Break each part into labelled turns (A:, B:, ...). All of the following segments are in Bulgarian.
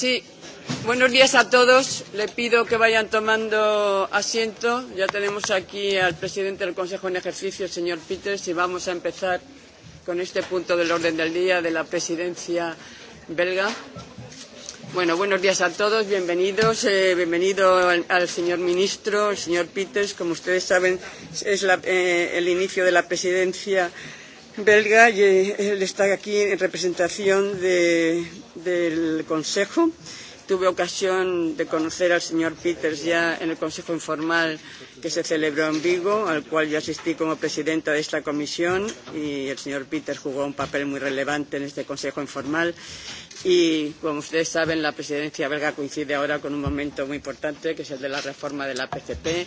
A: Sí, buenos días a todos. Le pido que vayan tomando asiento. Ya tenemos aquí al presidente del Consejo en ejercicio, el señor Peters, y vamos a empezar con este punto del orden del día de la presidencia belga. Bueno, buenos días a todos, bienvenidos. Eh, bienvenido al, al señor ministro, el señor Peters. Como ustedes saben, es la, eh, el inicio de la presidencia belga y él está aquí en representación de, del Consejo. Tuve ocasión de conocer al señor Peters ya en el Consejo Informal que se celebró en Vigo, al cual yo asistí como presidenta de esta comisión y el señor Peters jugó un papel muy relevante en este Consejo Informal. Y, como ustedes saben, la presidencia belga coincide ahora con un momento muy importante, que es el de la reforma de la PCP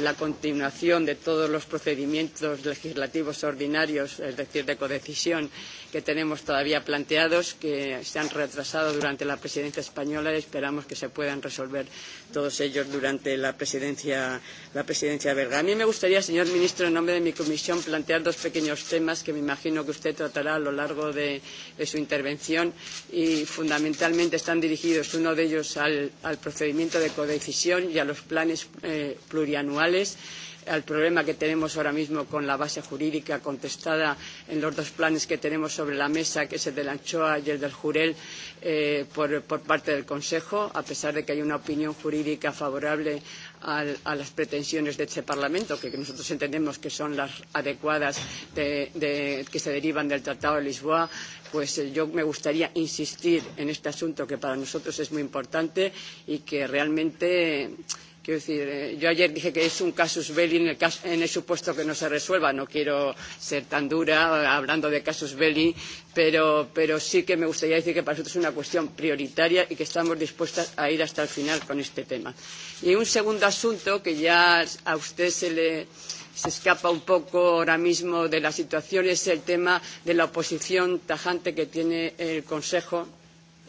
A: la continuación de todos los procedimientos legislativos ordinarios, es decir, de codecisión que tenemos todavía planteados, que se han retrasado durante la presidencia española y esperamos que se puedan resolver todos ellos durante la presidencia, la presidencia belga. A mí me gustaría, señor ministro, en nombre de mi comisión, plantear dos pequeños temas que me imagino que usted tratará a lo largo de, de su intervención y fundamentalmente están dirigidos, uno de ellos al, al procedimiento de codecisión y a los planes eh, plurianuales al problema que tenemos ahora mismo con la base jurídica contestada en los dos planes que tenemos sobre la mesa, que es el de la anchoa y el del jurel, por, parte del Consejo, a pesar de que hay una opinión jurídica favorable a las pretensiones de este Parlamento, que nosotros entendemos que son las adecuadas que se derivan del Tratado de Lisboa, pues yo me gustaría insistir en este asunto que para nosotros es muy importante y que realmente eh, Quiero decir, yo ayer dije que es un casus belli en el, caso, en el supuesto que no se resuelva. No quiero ser tan dura hablando de casus belli, pero, pero sí que me gustaría decir que para nosotros es una cuestión prioritaria y que estamos dispuestas a ir hasta el final con este tema. Y un segundo asunto que ya a usted se le se escapa un poco ahora mismo de la situación es el tema de la oposición tajante que tiene el Consejo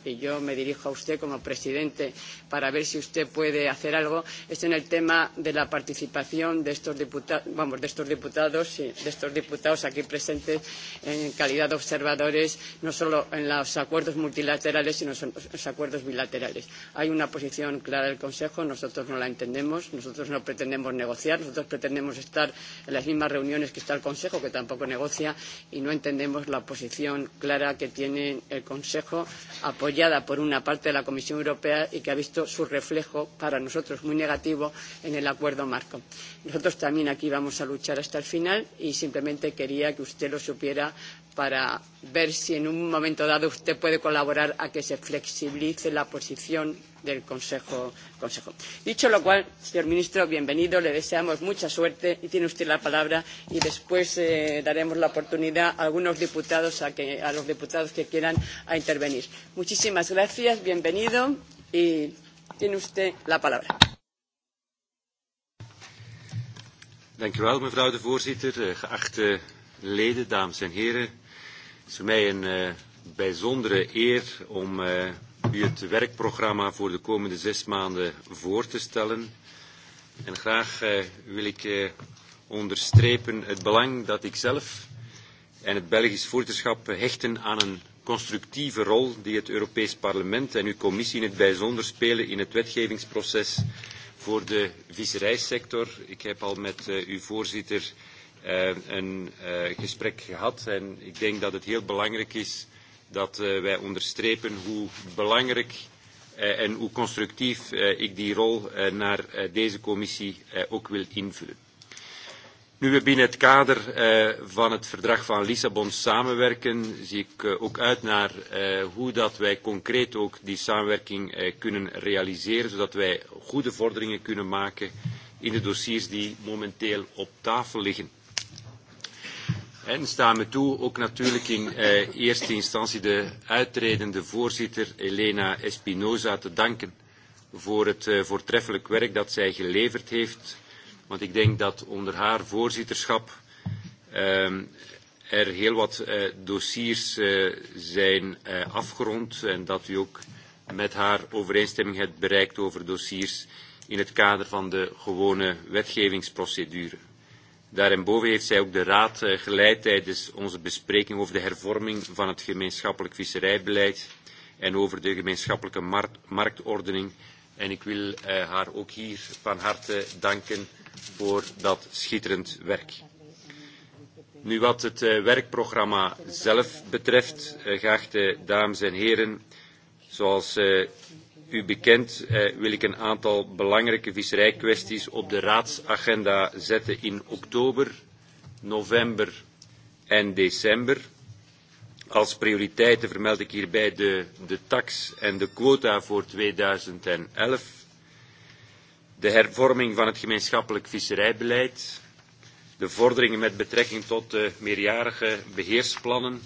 A: y yo me dirijo a usted como presidente para ver si usted puede hacer algo, es en el tema de la participación de estos diputados, vamos, de estos diputados y de estos diputados aquí presentes en calidad de observadores, no solo en los acuerdos multilaterales, sino en los acuerdos bilaterales. Hay una posición clara del Consejo, nosotros no la entendemos, nosotros no pretendemos negociar, nosotros pretendemos estar en las mismas reuniones que está el Consejo, que tampoco negocia, y no entendemos la posición clara que tiene el Consejo apoyando apoyada por una parte de la Comisión Europea y que ha visto su reflejo para nosotros muy negativo en el acuerdo marco. Nosotros también aquí vamos a luchar hasta el final y simplemente quería que usted lo supiera para ver si en un momento dado usted puede colaborar a que se flexibilice la posición del Consejo. Dicho lo cual, señor ministro, bienvenido, le deseamos mucha suerte y tiene usted la palabra y después daremos la oportunidad a algunos diputados, a, los diputados que quieran, a intervenir. Muchísimas gracias, bienvenido y tiene usted la palabra.
B: Dank u wel, mevrouw de voorzitter. Geachte leden, dames en heren. Het is voor mij een bijzondere eer om u het werkprogramma voor de komende zes maanden voor te stellen. En graag wil ik onderstrepen het belang dat ik zelf en het Belgisch voorzitterschap hechten aan een constructieve rol die het Europees Parlement en uw commissie in het bijzonder spelen in het wetgevingsproces voor de visserijsector. Ik heb al met uw voorzitter een gesprek gehad. En ik denk dat het heel belangrijk is dat wij onderstrepen hoe belangrijk en hoe constructief ik die rol naar deze commissie ook wil invullen. Nu we binnen het kader van het verdrag van Lissabon samenwerken, zie ik ook uit naar hoe dat wij concreet ook die samenwerking kunnen realiseren, zodat wij goede vorderingen kunnen maken in de dossiers die momenteel op tafel liggen. En sta me toe, ook natuurlijk in eh, eerste instantie de uitredende voorzitter Elena Espinoza te danken voor het eh, voortreffelijk werk dat zij geleverd heeft. Want ik denk dat onder haar voorzitterschap eh, er heel wat eh, dossiers eh, zijn eh, afgerond en dat u ook met haar overeenstemming hebt bereikt over dossiers in het kader van de gewone wetgevingsprocedure boven heeft zij ook de Raad geleid tijdens onze bespreking over de hervorming van het gemeenschappelijk visserijbeleid en over de gemeenschappelijke marktordening. En ik wil haar ook hier van harte danken voor dat schitterend werk. Nu wat het werkprogramma zelf betreft, geachte dames en heren, zoals U bekend wil ik een aantal belangrijke visserijkwesties op de raadsagenda zetten in oktober, november en december. Als prioriteiten vermeld ik hierbij de, de tax en de quota voor 2011, de hervorming van het gemeenschappelijk visserijbeleid, de vorderingen met betrekking tot de meerjarige beheersplannen,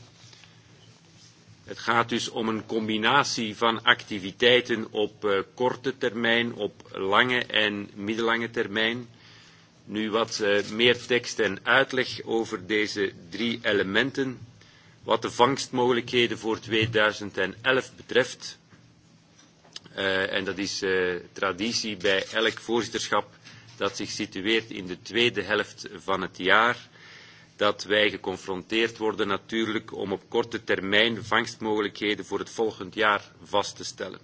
B: Het gaat dus om een combinatie van activiteiten op korte termijn, op lange en middellange termijn. Nu wat meer tekst en uitleg over deze drie elementen. Wat de vangstmogelijkheden voor 2011 betreft, en dat is traditie bij elk voorzitterschap dat zich situeert in de tweede helft van het jaar, dat wij geconfronteerd worden natuurlijk om op korte termijn vangstmogelijkheden voor het volgend jaar vast te stellen.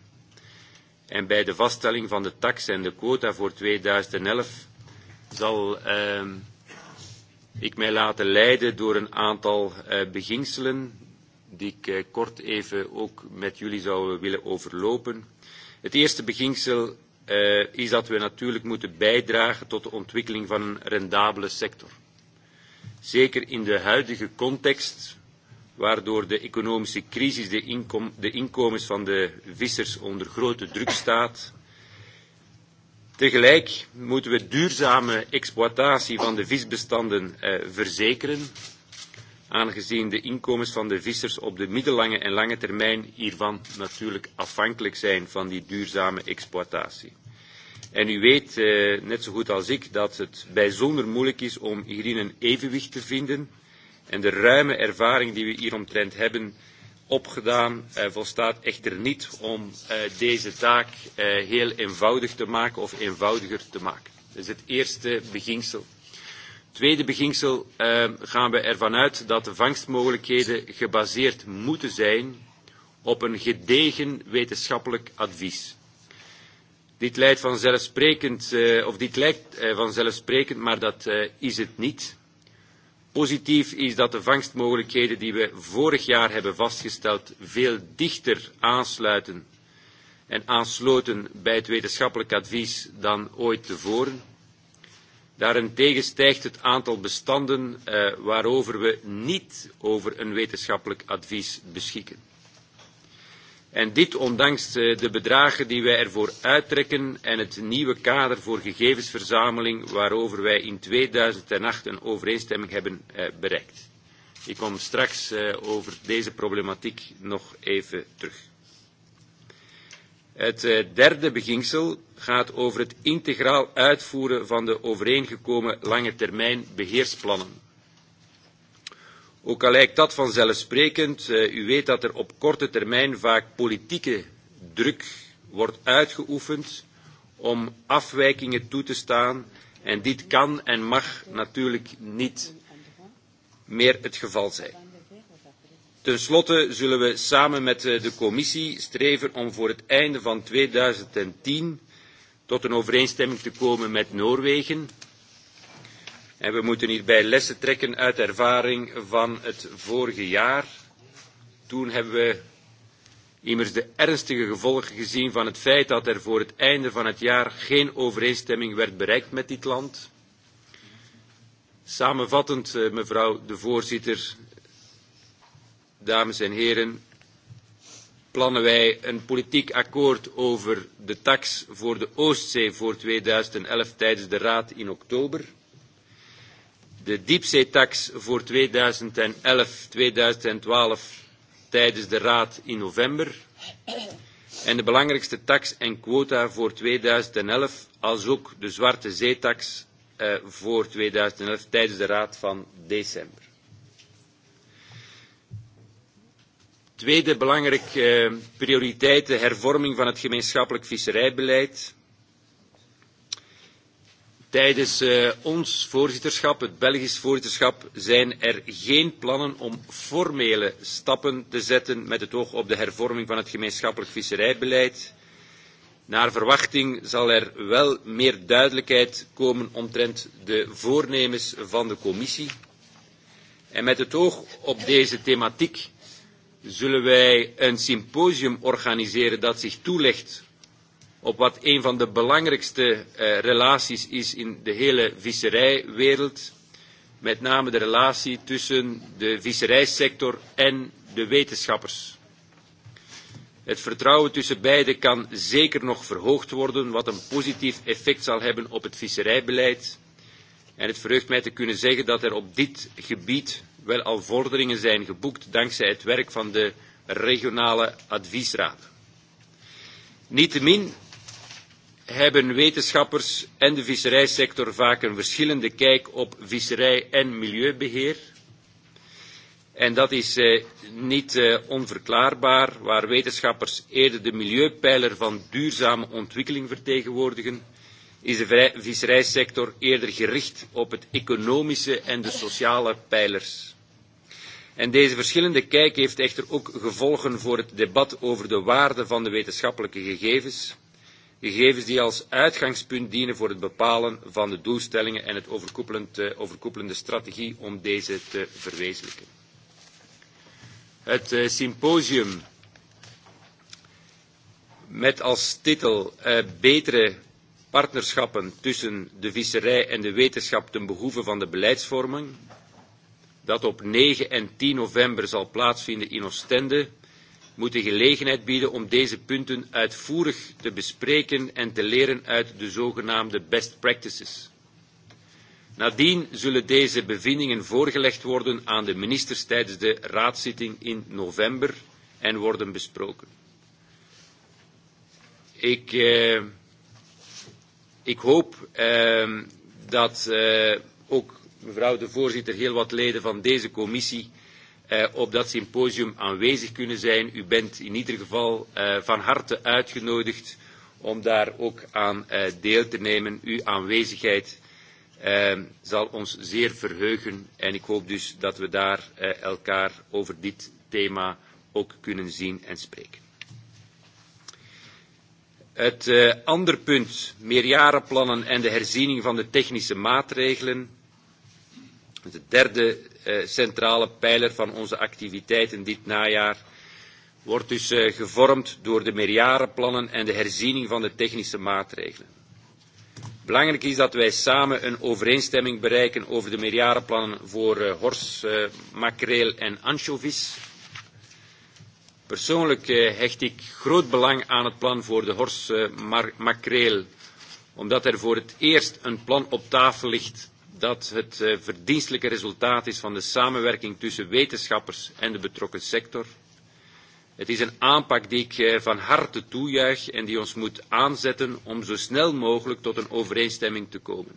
B: En bij de vaststelling van de tax en de quota voor 2011 zal uh, ik mij laten leiden door een aantal uh, beginselen die ik uh, kort even ook met jullie zou willen overlopen. Het eerste beginsel uh, is dat we natuurlijk moeten bijdragen tot de ontwikkeling van een rendabele sector zeker in de huidige context, waardoor de economische crisis de, inkom, de inkomens van de vissers onder grote druk staat. Tegelijk moeten we duurzame exploitatie van de visbestanden eh, verzekeren, aangezien de inkomens van de vissers op de middellange en lange termijn hiervan natuurlijk afhankelijk zijn van die duurzame exploitatie. En u weet, eh, net zo goed als ik, dat het bijzonder moeilijk is om hierin een evenwicht te vinden. En de ruime ervaring die we hieromtrent hebben opgedaan, eh, volstaat echter niet om eh, deze taak eh, heel eenvoudig te maken of eenvoudiger te maken. Dat is het eerste beginsel. Tweede beginsel eh, gaan we ervan uit dat de vangstmogelijkheden gebaseerd moeten zijn op een gedegen wetenschappelijk advies. Dit lijkt vanzelfsprekend, of dit lijkt vanzelfsprekend, maar dat is het niet. Positief is dat de vangstmogelijkheden die we vorig jaar hebben vastgesteld veel dichter aansluiten en aansloten bij het wetenschappelijk advies dan ooit tevoren. Daarentegen stijgt het aantal bestanden waarover we niet over een wetenschappelijk advies beschikken. En dit ondanks de bedragen die wij ervoor uittrekken en het nieuwe kader voor gegevensverzameling waarover wij in 2008 een overeenstemming hebben bereikt. Ik kom straks over deze problematiek nog even terug. Het derde beginsel gaat over het integraal uitvoeren van de overeengekomen lange termijn beheersplannen Ook al lijkt dat vanzelfsprekend, u weet dat er op korte termijn vaak politieke druk wordt uitgeoefend om afwijkingen toe te staan en dit kan en mag natuurlijk niet meer het geval zijn. Ten slotte zullen we samen met de commissie streven om voor het einde van 2010 tot een overeenstemming te komen met Noorwegen En we moeten hierbij lessen trekken uit ervaring van het vorige jaar. Toen hebben we immers de ernstige gevolgen gezien van het feit dat er voor het einde van het jaar geen overeenstemming werd bereikt met dit land. Samenvattend, mevrouw de voorzitter, dames en heren, plannen wij een politiek akkoord over de tax voor de Oostzee voor 2011 tijdens de Raad in oktober de diepzeetax voor 2011-2012 tijdens de Raad in november en de belangrijkste tax en quota voor 2011, als ook de zwarte zeetax voor 2011 tijdens de Raad van december. Tweede belangrijke prioriteit, de hervorming van het gemeenschappelijk visserijbeleid Tijdens ons voorzitterschap, het Belgisch voorzitterschap, zijn er geen plannen om formele stappen te zetten met het oog op de hervorming van het gemeenschappelijk visserijbeleid. Naar verwachting zal er wel meer duidelijkheid komen omtrent de voornemens van de commissie. En met het oog op deze thematiek zullen wij een symposium organiseren dat zich toelegt op wat een van de belangrijkste relaties is in de hele visserijwereld. Met name de relatie tussen de visserijsector en de wetenschappers. Het vertrouwen tussen beiden kan zeker nog verhoogd worden, wat een positief effect zal hebben op het visserijbeleid. En het verheugt mij te kunnen zeggen dat er op dit gebied wel al vorderingen zijn geboekt dankzij het werk van de regionale adviesraden. Niettemin hebben wetenschappers en de visserijsector vaak een verschillende kijk op visserij en milieubeheer. En dat is eh, niet eh, onverklaarbaar, waar wetenschappers eerder de milieupijler van duurzame ontwikkeling vertegenwoordigen, is de visserijsector eerder gericht op het economische en de sociale pijlers. En deze verschillende kijk heeft echter ook gevolgen voor het debat over de waarde van de wetenschappelijke gegevens gegevens die als uitgangspunt dienen voor het bepalen van de doelstellingen en het overkoepelende strategie om deze te verwezenlijken. Het symposium met als titel Betere partnerschappen tussen de visserij en de wetenschap ten behoeve van de beleidsvorming, dat op 9 en 10 november zal plaatsvinden in Oostende, moet de gelegenheid bieden om deze punten uitvoerig te bespreken en te leren uit de zogenaamde best practices. Nadien zullen deze bevindingen voorgelegd worden aan de ministers tijdens de raadszitting in november en worden besproken. Ik, eh, ik hoop eh, dat eh, ook mevrouw de voorzitter heel wat leden van deze commissie op dat symposium aanwezig kunnen zijn. U bent in ieder geval van harte uitgenodigd om daar ook aan deel te nemen. Uw aanwezigheid zal ons zeer verheugen en ik hoop dus dat we daar elkaar over dit thema ook kunnen zien en spreken. Het andere punt, meerjarenplannen en de herziening van de technische maatregelen. Het derde centrale pijler van onze activiteiten dit najaar wordt dus gevormd door de meerjarenplannen en de herziening van de technische maatregelen. Belangrijk is dat wij samen een overeenstemming bereiken over de meerjarenplannen voor hors, makreel en anchovies. Persoonlijk hecht ik groot belang aan het plan voor de hors, makreel, omdat er voor het eerst een plan op tafel ligt dat het verdienstelijke resultaat is van de samenwerking tussen wetenschappers en de betrokken sector. Het is een aanpak die ik van harte toejuich en die ons moet aanzetten om zo snel mogelijk tot een overeenstemming te komen.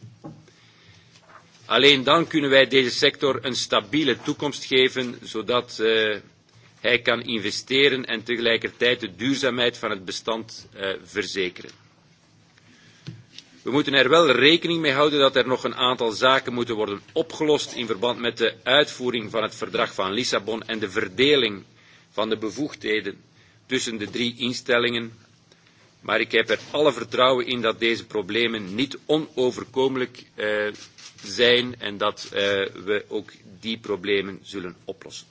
B: Alleen dan kunnen wij deze sector een stabiele toekomst geven, zodat hij kan investeren en tegelijkertijd de duurzaamheid van het bestand verzekeren. We moeten er wel rekening mee houden dat er nog een aantal zaken moeten worden opgelost in verband met de uitvoering van het verdrag van Lissabon en de verdeling van de bevoegdheden tussen de drie instellingen. Maar ik heb er alle vertrouwen in dat deze problemen niet onoverkomelijk zijn en dat we ook die problemen zullen oplossen.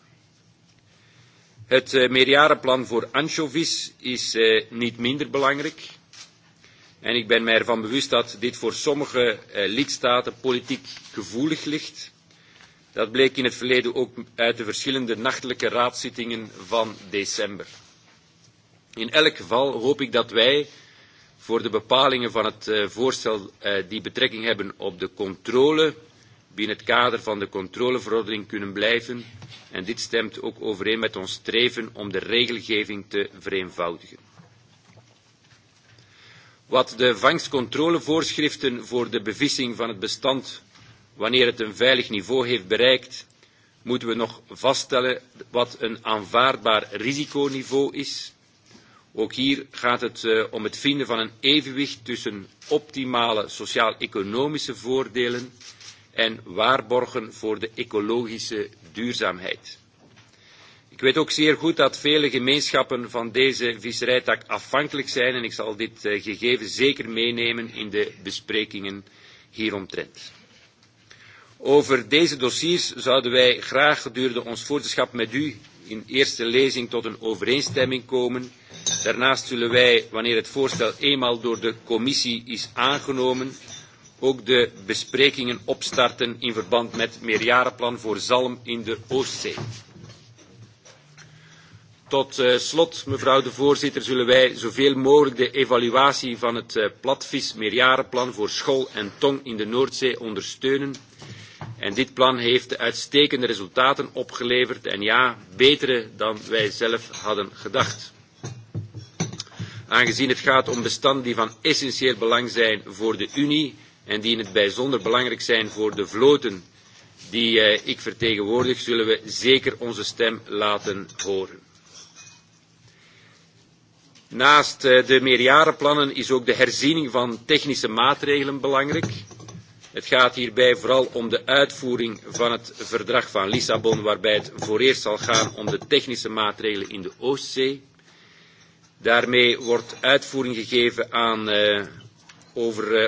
B: Het meerjarenplan voor anchovies is niet minder belangrijk. En ik ben mij ervan bewust dat dit voor sommige lidstaten politiek gevoelig ligt. Dat bleek in het verleden ook uit de verschillende nachtelijke raadszittingen van december. In elk geval hoop ik dat wij voor de bepalingen van het voorstel die betrekking hebben op de controle binnen het kader van de controleverordening kunnen blijven. En dit stemt ook overeen met ons streven om de regelgeving te vereenvoudigen. Wat de vangstcontrolevoorschriften voor de bevissing van het bestand, wanneer het een veilig niveau heeft bereikt, moeten we nog vaststellen wat een aanvaardbaar risiconiveau is. Ook hier gaat het om het vinden van een evenwicht tussen optimale sociaal-economische voordelen en waarborgen voor de ecologische duurzaamheid. Ik weet ook zeer goed dat vele gemeenschappen van deze visserijtak afhankelijk zijn en ik zal dit gegeven zeker meenemen in de besprekingen hieromtrent. Over deze dossiers zouden wij graag gedurende ons voorzitterschap met u in eerste lezing tot een overeenstemming komen. Daarnaast zullen wij, wanneer het voorstel eenmaal door de commissie is aangenomen, ook de besprekingen opstarten in verband met meerjarenplan voor zalm in de Oostzee. Tot slot, mevrouw de voorzitter, zullen wij zoveel mogelijk de evaluatie van het platvis meerjarenplan voor school en tong in de Noordzee ondersteunen. En dit plan heeft uitstekende resultaten opgeleverd en ja, betere dan wij zelf hadden gedacht. Aangezien het gaat om bestanden die van essentieel belang zijn voor de Unie en die in het bijzonder belangrijk zijn voor de vloten die ik vertegenwoordig, zullen we zeker onze stem laten horen. Naast de meerjarenplannen is ook de herziening van technische maatregelen belangrijk. Het gaat hierbij vooral om de uitvoering van het verdrag van Lissabon, waarbij het voor eerst zal gaan om de technische maatregelen in de Oostzee. Daarmee wordt uitvoering gegeven aan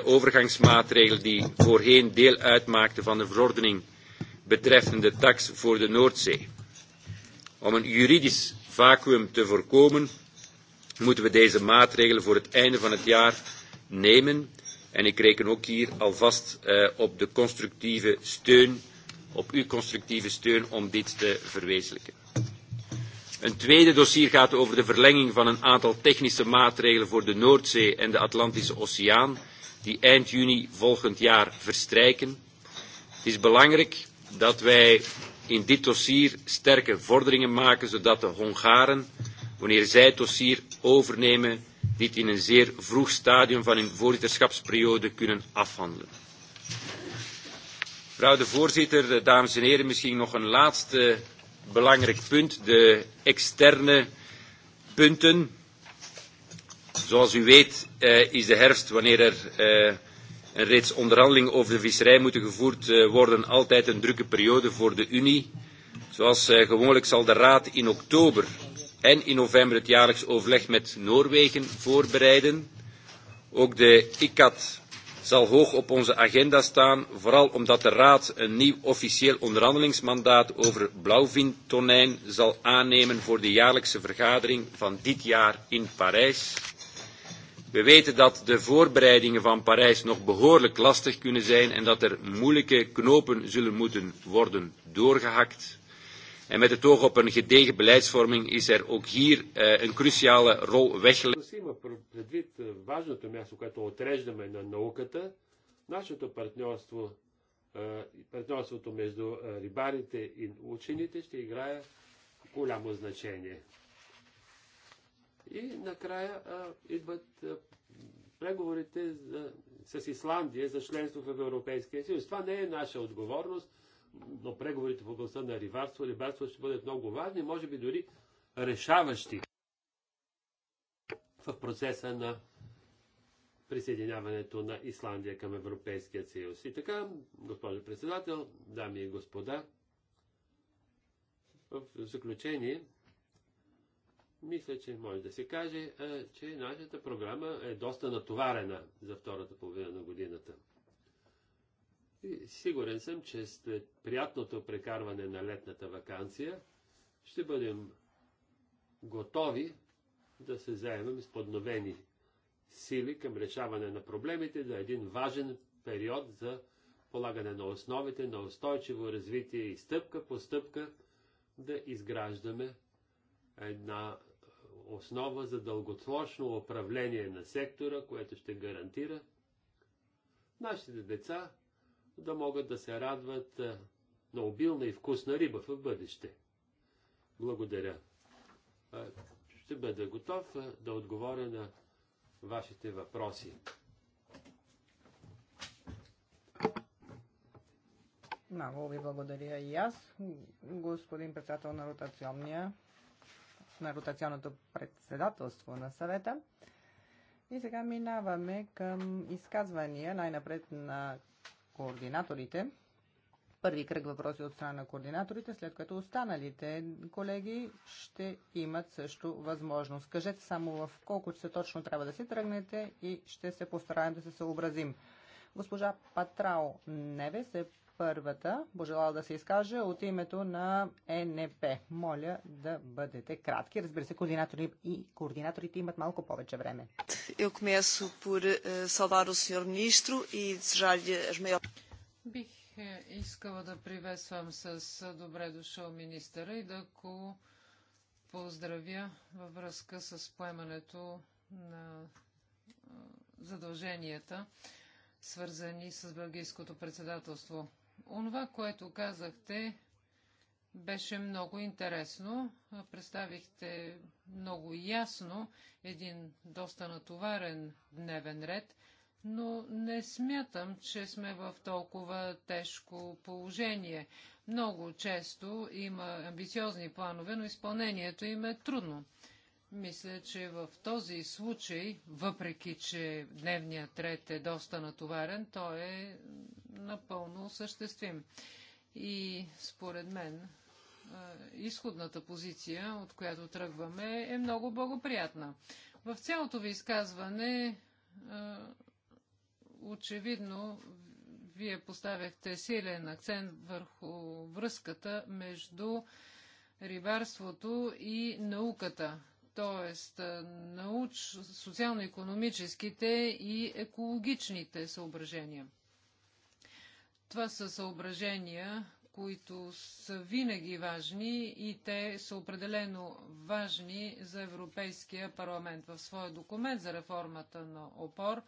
B: overgangsmaatregelen die voorheen deel uitmaakten van de verordening betreffende tax voor de Noordzee. Om een juridisch vacuüm te voorkomen, moeten we deze maatregelen voor het einde van het jaar nemen. En ik reken ook hier alvast op de constructieve steun, op uw constructieve steun om dit te verwezenlijken. Een tweede dossier gaat over de verlenging van een aantal technische maatregelen voor de Noordzee en de Atlantische Oceaan, die eind juni volgend jaar verstrijken. Het is belangrijk dat wij in dit dossier sterke vorderingen maken, zodat de Hongaren wanneer zij het dossier overnemen, dit in een zeer vroeg stadium van hun voorzitterschapsperiode kunnen afhandelen. Mevrouw de voorzitter, dames en heren, misschien nog een laatste belangrijk punt, de externe punten. Zoals u weet is de herfst, wanneer er een reeds onderhandelingen over de visserij moeten gevoerd worden, altijd een drukke periode voor de Unie. Zoals gewoonlijk zal de Raad in oktober en in november het jaarlijks overleg met Noorwegen voorbereiden. Ook de ICAT zal hoog op onze agenda staan, vooral omdat de Raad een nieuw officieel onderhandelingsmandaat over blauwvintonijn zal aannemen voor de jaarlijkse vergadering van dit jaar in Parijs. We weten dat de voorbereidingen van Parijs nog behoorlijk lastig kunnen zijn en dat er moeilijke knopen zullen moeten worden doorgehakt. En met het oog op een gedegen beleidsvorming is er ook hier eh, een cruciale rol weggelegd.
C: Eh, нашето партньорство, е, партньорството между е, рибарите и учените ще играе голямо значение. И накрая е, идват преговорите с Исландия за членство в Европейския съюз. Това не е наша отговорност, но преговорите в областта на рибарство, рибарство ще бъдат много важни, може би дори решаващи в процеса на присъединяването на Исландия към Европейския съюз. И така, госпожо председател, дами и господа, в заключение, мисля, че може да се каже, че нашата програма е доста натоварена за втората половина на годината. И сигурен съм, че след приятното прекарване на летната вакансия ще бъдем готови да се заемем с подновени сили към решаване на проблемите за един важен период за полагане на основите, на устойчиво развитие и стъпка по стъпка да изграждаме една основа за дългосрочно управление на сектора, което ще гарантира нашите деца да могат да се радват е, на обилна и вкусна риба в бъдеще. Благодаря. Е, ще бъда готов е, да отговоря на вашите въпроси.
D: Много ви благодаря и аз, господин председател на ротационния на ротационното председателство на съвета. И сега минаваме към изказвания най-напред на координаторите. Първи кръг въпроси от страна на координаторите, след което останалите колеги ще имат също възможност. Кажете само в колко часа точно трябва да си тръгнете и ще се постараем да се съобразим. Госпожа Патрао Неве се първата, пожелал да се изкаже от името на ЕНП. Моля да бъдете кратки. Разбира се, координатори и координаторите имат малко повече време. Eu começo por eh, saudar o ministro e desejar-lhe as maiores...
E: Бих е, искала да приветствам с добре дошъл министъра и да го поздравя във връзка с поемането на е, задълженията свързани с бългийското председателство. Онова, което казахте, беше много интересно. Представихте много ясно един доста натоварен дневен ред, но не смятам, че сме в толкова тежко положение. Много често има амбициозни планове, но изпълнението им е трудно. Мисля, че в този случай, въпреки че дневният ред е доста натоварен, той е напълно осъществим. И според мен изходната позиция, от която тръгваме, е много благоприятна. В цялото ви изказване очевидно вие поставяхте силен акцент върху връзката между рибарството и науката, т.е. науч, социално-економическите и екологичните съображения. Това са съображения, които са винаги важни и те са определено важни за Европейския парламент. В своя документ за реформата на ОПОР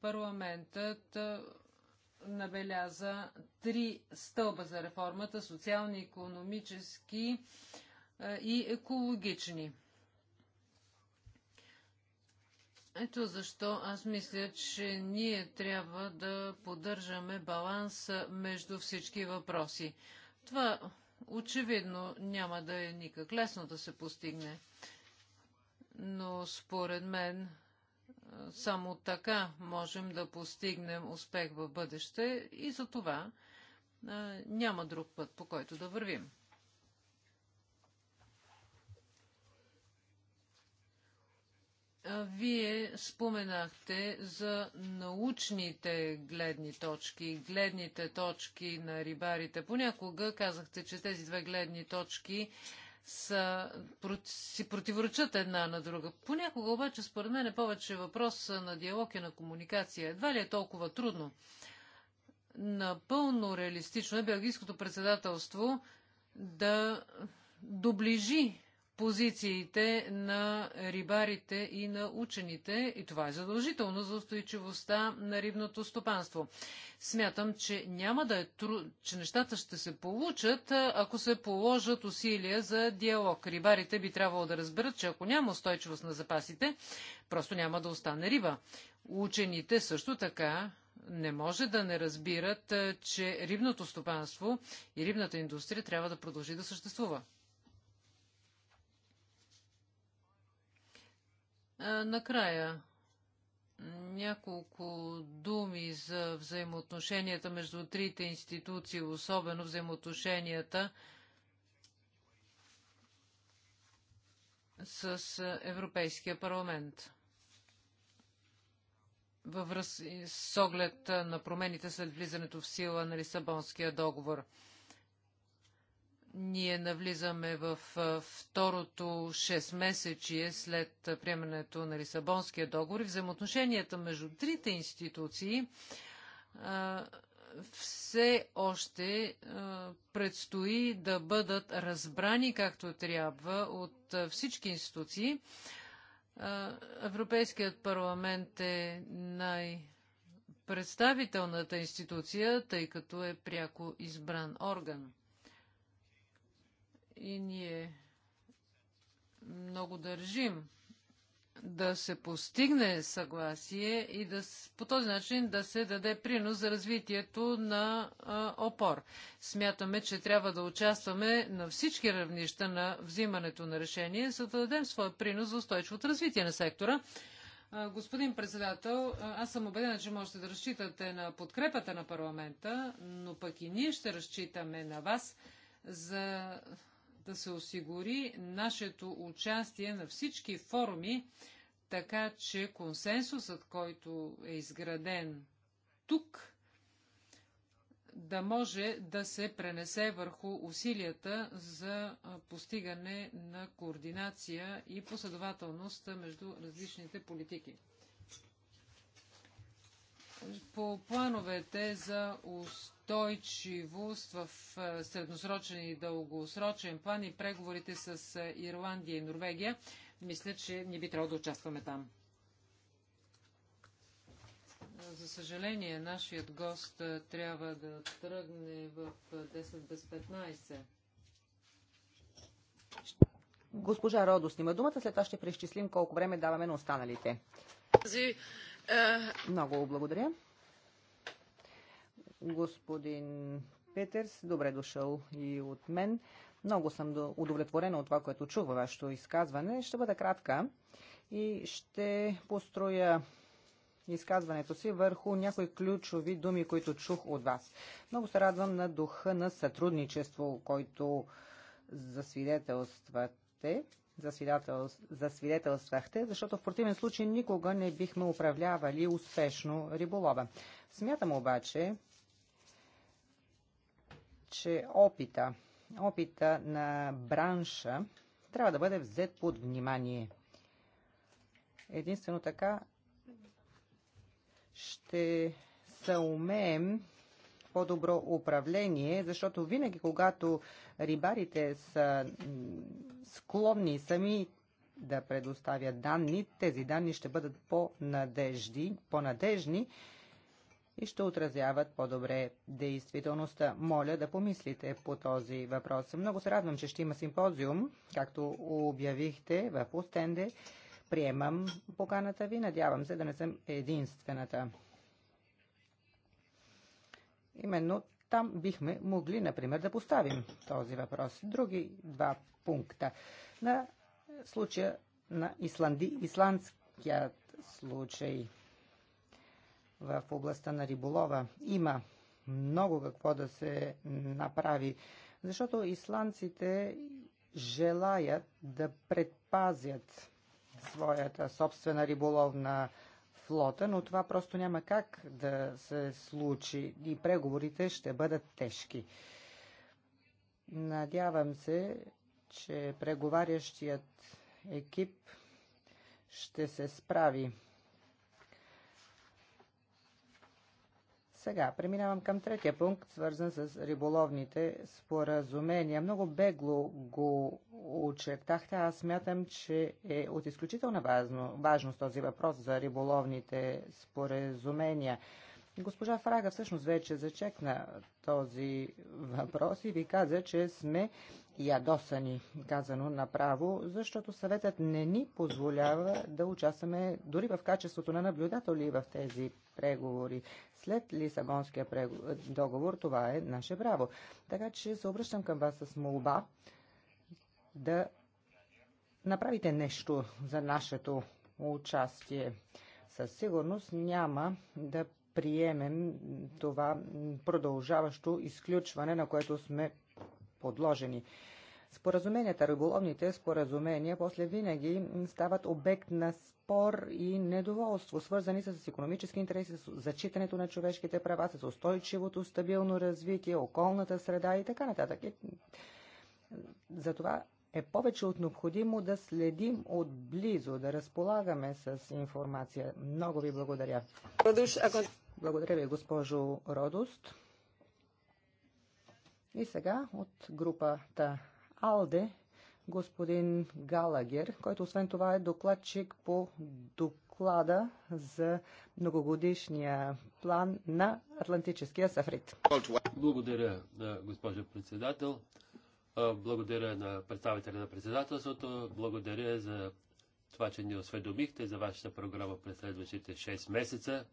E: парламентът набеляза три стълба за реформата – социални, економически и екологични. Ето защо аз мисля, че ние трябва да поддържаме баланс между всички въпроси. Това очевидно няма да е никак лесно да се постигне, но според мен само така можем да постигнем успех в бъдеще и за това няма друг път, по който да вървим. Вие споменахте за научните гледни точки, гледните точки на рибарите. Понякога казахте, че тези две гледни точки са, си противоречат една на друга. Понякога обаче, според мен, е повече въпрос на диалог и на комуникация. Едва ли е толкова трудно? Напълно реалистично е Белгийското председателство да доближи позициите на рибарите и на учените и това е задължително за устойчивостта на рибното стопанство. Смятам, че няма да е труд, че нещата ще се получат, ако се положат усилия за диалог. Рибарите би трябвало да разберат, че ако няма устойчивост на запасите, просто няма да остане риба. Учените също така не може да не разбират, че рибното стопанство и рибната индустрия трябва да продължи да съществува. накрая, няколко думи за взаимоотношенията между трите институции, особено взаимоотношенията с Европейския парламент във връз с оглед на промените след влизането в сила на Лисабонския договор. Ние навлизаме в второто 6 месечие след приемането на Лисабонския договор и взаимоотношенията между трите институции все още предстои да бъдат разбрани както трябва от всички институции. Европейският парламент е най-представителната институция, тъй като е пряко избран орган. И ние много държим да се постигне съгласие и да, по този начин да се даде принос за развитието на а, опор. Смятаме, че трябва да участваме на всички равнища на взимането на решение, за да дадем своя принос за устойчивото развитие на сектора. А, господин председател, аз съм убедена, че можете да разчитате на подкрепата на парламента, но пък и ние ще разчитаме на вас за да се осигури нашето участие на всички форуми, така че консенсусът, който е изграден тук, да може да се пренесе върху усилията за постигане на координация и последователност между различните политики. По плановете за устойчивост устойчивост в средносрочен и дългосрочен план и преговорите с Ирландия и Норвегия, мисля, че ни би трябвало да участваме там. За съжаление, нашият гост трябва да тръгне в 10 без 15.
D: Госпожа Родо снима думата, след това ще преизчислим колко време даваме на останалите. Много благодаря господин Петърс. Добре дошъл и от мен. Много съм удовлетворена от това, което чух във вашето изказване. Ще бъда кратка и ще построя изказването си върху някои ключови думи, които чух от вас. Много се радвам на духа на сътрудничество, който засвидетелствате, За засвидетелствахте, защото в противен случай никога не бихме управлявали успешно риболова. Смятам обаче, че опита, опита на бранша трябва да бъде взет под внимание. Единствено така ще съумеем по-добро управление, защото винаги, когато рибарите са склонни сами да предоставят данни, тези данни ще бъдат по надежни по-надежни и ще отразяват по-добре действителността. Моля да помислите по този въпрос. Много се радвам, че ще има симпозиум, както обявихте в Остенде. Приемам поканата ви. Надявам се да не съм единствената. Именно там бихме могли, например, да поставим този въпрос. Други два пункта. На случая на Исланди, исландският случай – в областта на риболова. Има много какво да се направи, защото исландците желаят да предпазят своята собствена риболовна флота, но това просто няма как да се случи и преговорите ще бъдат тежки. Надявам се, че преговарящият екип ще се справи Сега преминавам към третия пункт, свързан с риболовните споразумения. Много бегло го очертахте. Аз смятам, че е от изключителна важно, важност този въпрос за риболовните споразумения. Госпожа Фрага всъщност вече зачекна този въпрос и ви каза, че сме ядосани, казано направо, защото съветът не ни позволява да участваме дори в качеството на наблюдатели в тези преговори. След Лисабонския договор това е наше право. Така че се обръщам към вас с молба да направите нещо за нашето участие. Със сигурност няма да приемем това продължаващо изключване, на което сме подложени. Споразуменията, риболовните споразумения, после винаги стават обект на спор и недоволство, свързани с економически интереси, с зачитането на човешките права, с устойчивото, стабилно развитие, околната среда и така нататък. Затова е повече от необходимо да следим отблизо, да разполагаме с информация. Много ви благодаря. Благодаря ви, госпожо Родост. И сега от групата АЛДЕ господин Галагер, който освен това е докладчик по доклада за многогодишния план на Атлантическия сафрит.
C: Благодаря, госпожо председател. Благодаря на представителя на председателството. Благодаря за това, че ни осведомихте за вашата програма през следващите 6 месеца.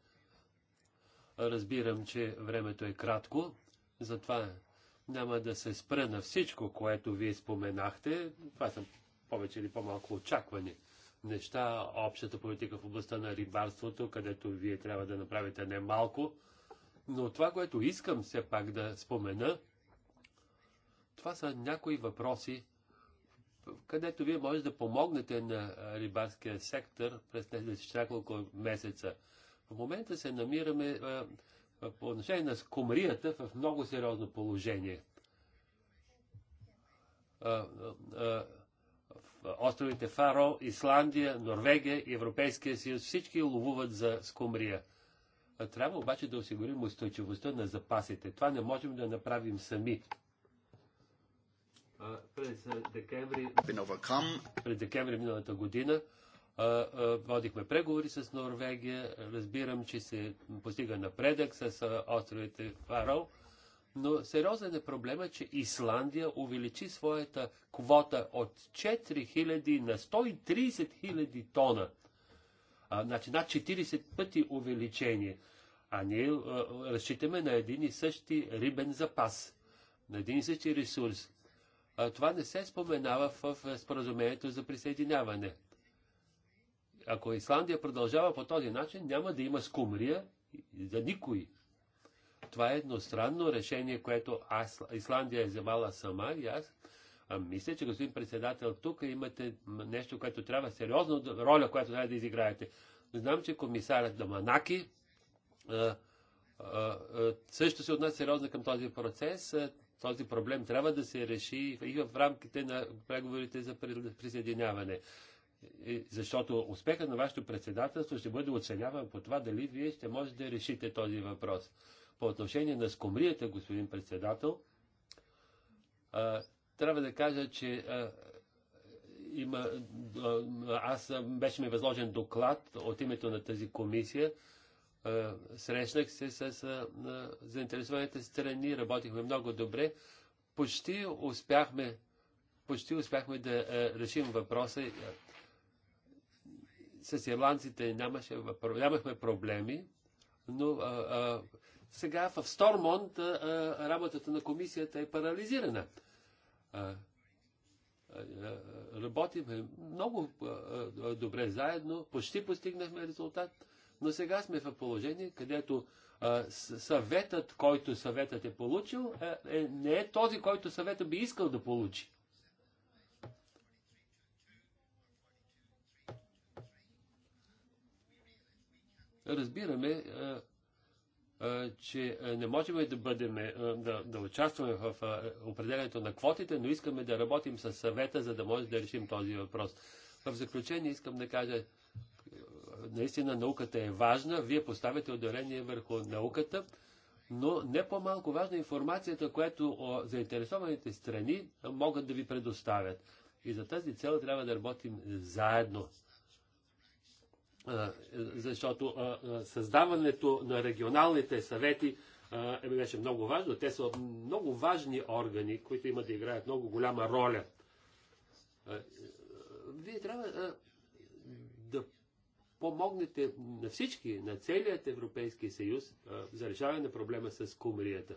C: Разбирам, че времето е кратко, затова няма да се спра на всичко, което вие споменахте. Това са повече или по-малко очаквани неща. Общата политика в областта на рибарството, където вие трябва да направите не малко. Но това, което искам все пак да спомена, това са някои въпроси, където вие може да помогнете на рибарския сектор през тези няколко месеца. В момента се намираме по отношение на скумрията в много сериозно положение. Островите Фаро, Исландия, Норвегия и Европейския съюз всички ловуват за скумрия. Трябва обаче да осигурим устойчивостта на запасите. Това не можем да направим сами. През декември, през декември миналата година Водихме преговори с Норвегия. Разбирам, че се постига напредък с островите Фарол, Но сериозен е проблема, че Исландия увеличи своята квота от 4000 на 130 000 тона. А, значи над 40 пъти увеличение. А ние а, разчитаме на един и същи рибен запас, на един и същи ресурс. А, това не се споменава в, в споразумението за присъединяване ако Исландия продължава по този начин, няма да има скумрия за никой. Това е едностранно решение, което аз, Исландия е вземала сама и аз а мисля, че господин председател, тук имате нещо, което трябва сериозно, роля, която трябва да изиграете. Знам, че комисарът Даманаки а, а, също се отнася сериозно към този процес. Този проблем трябва да се реши и в рамките на преговорите за присъединяване защото успехът на вашето председателство ще бъде оценяван по това дали вие ще можете да решите този въпрос. По отношение на Скомрията, господин председател, а, трябва да кажа, че а, има, а, аз беше ми възложен доклад от името на тази комисия. Срещнах се с заинтересованите страни, работихме много добре. Почти успяхме, почти успяхме да решим въпроса с ирландците нямаше, нямахме проблеми, но а, а, сега в Стормонт а, а, работата на комисията е парализирана. А, работим работихме много добре заедно, почти постигнахме резултат, но сега сме в положение, където съветът, който съветът е получил, е, е, не е този, който съветът би искал да получи. разбираме, че не можем да, бъдем, да, да участваме в определенето на квотите, но искаме да работим с съвета, за да може да решим този въпрос. В заключение искам да кажа, наистина науката е важна, вие поставяте ударение върху науката, но не по-малко важна е информацията, която заинтересованите страни могат да ви предоставят. И за тази цел трябва да работим заедно защото създаването на регионалните съвети е беше много важно. Те са много важни органи, които имат да играят много голяма роля. Вие трябва да помогнете на всички, на целият Европейски съюз за решаване на проблема с кумрията.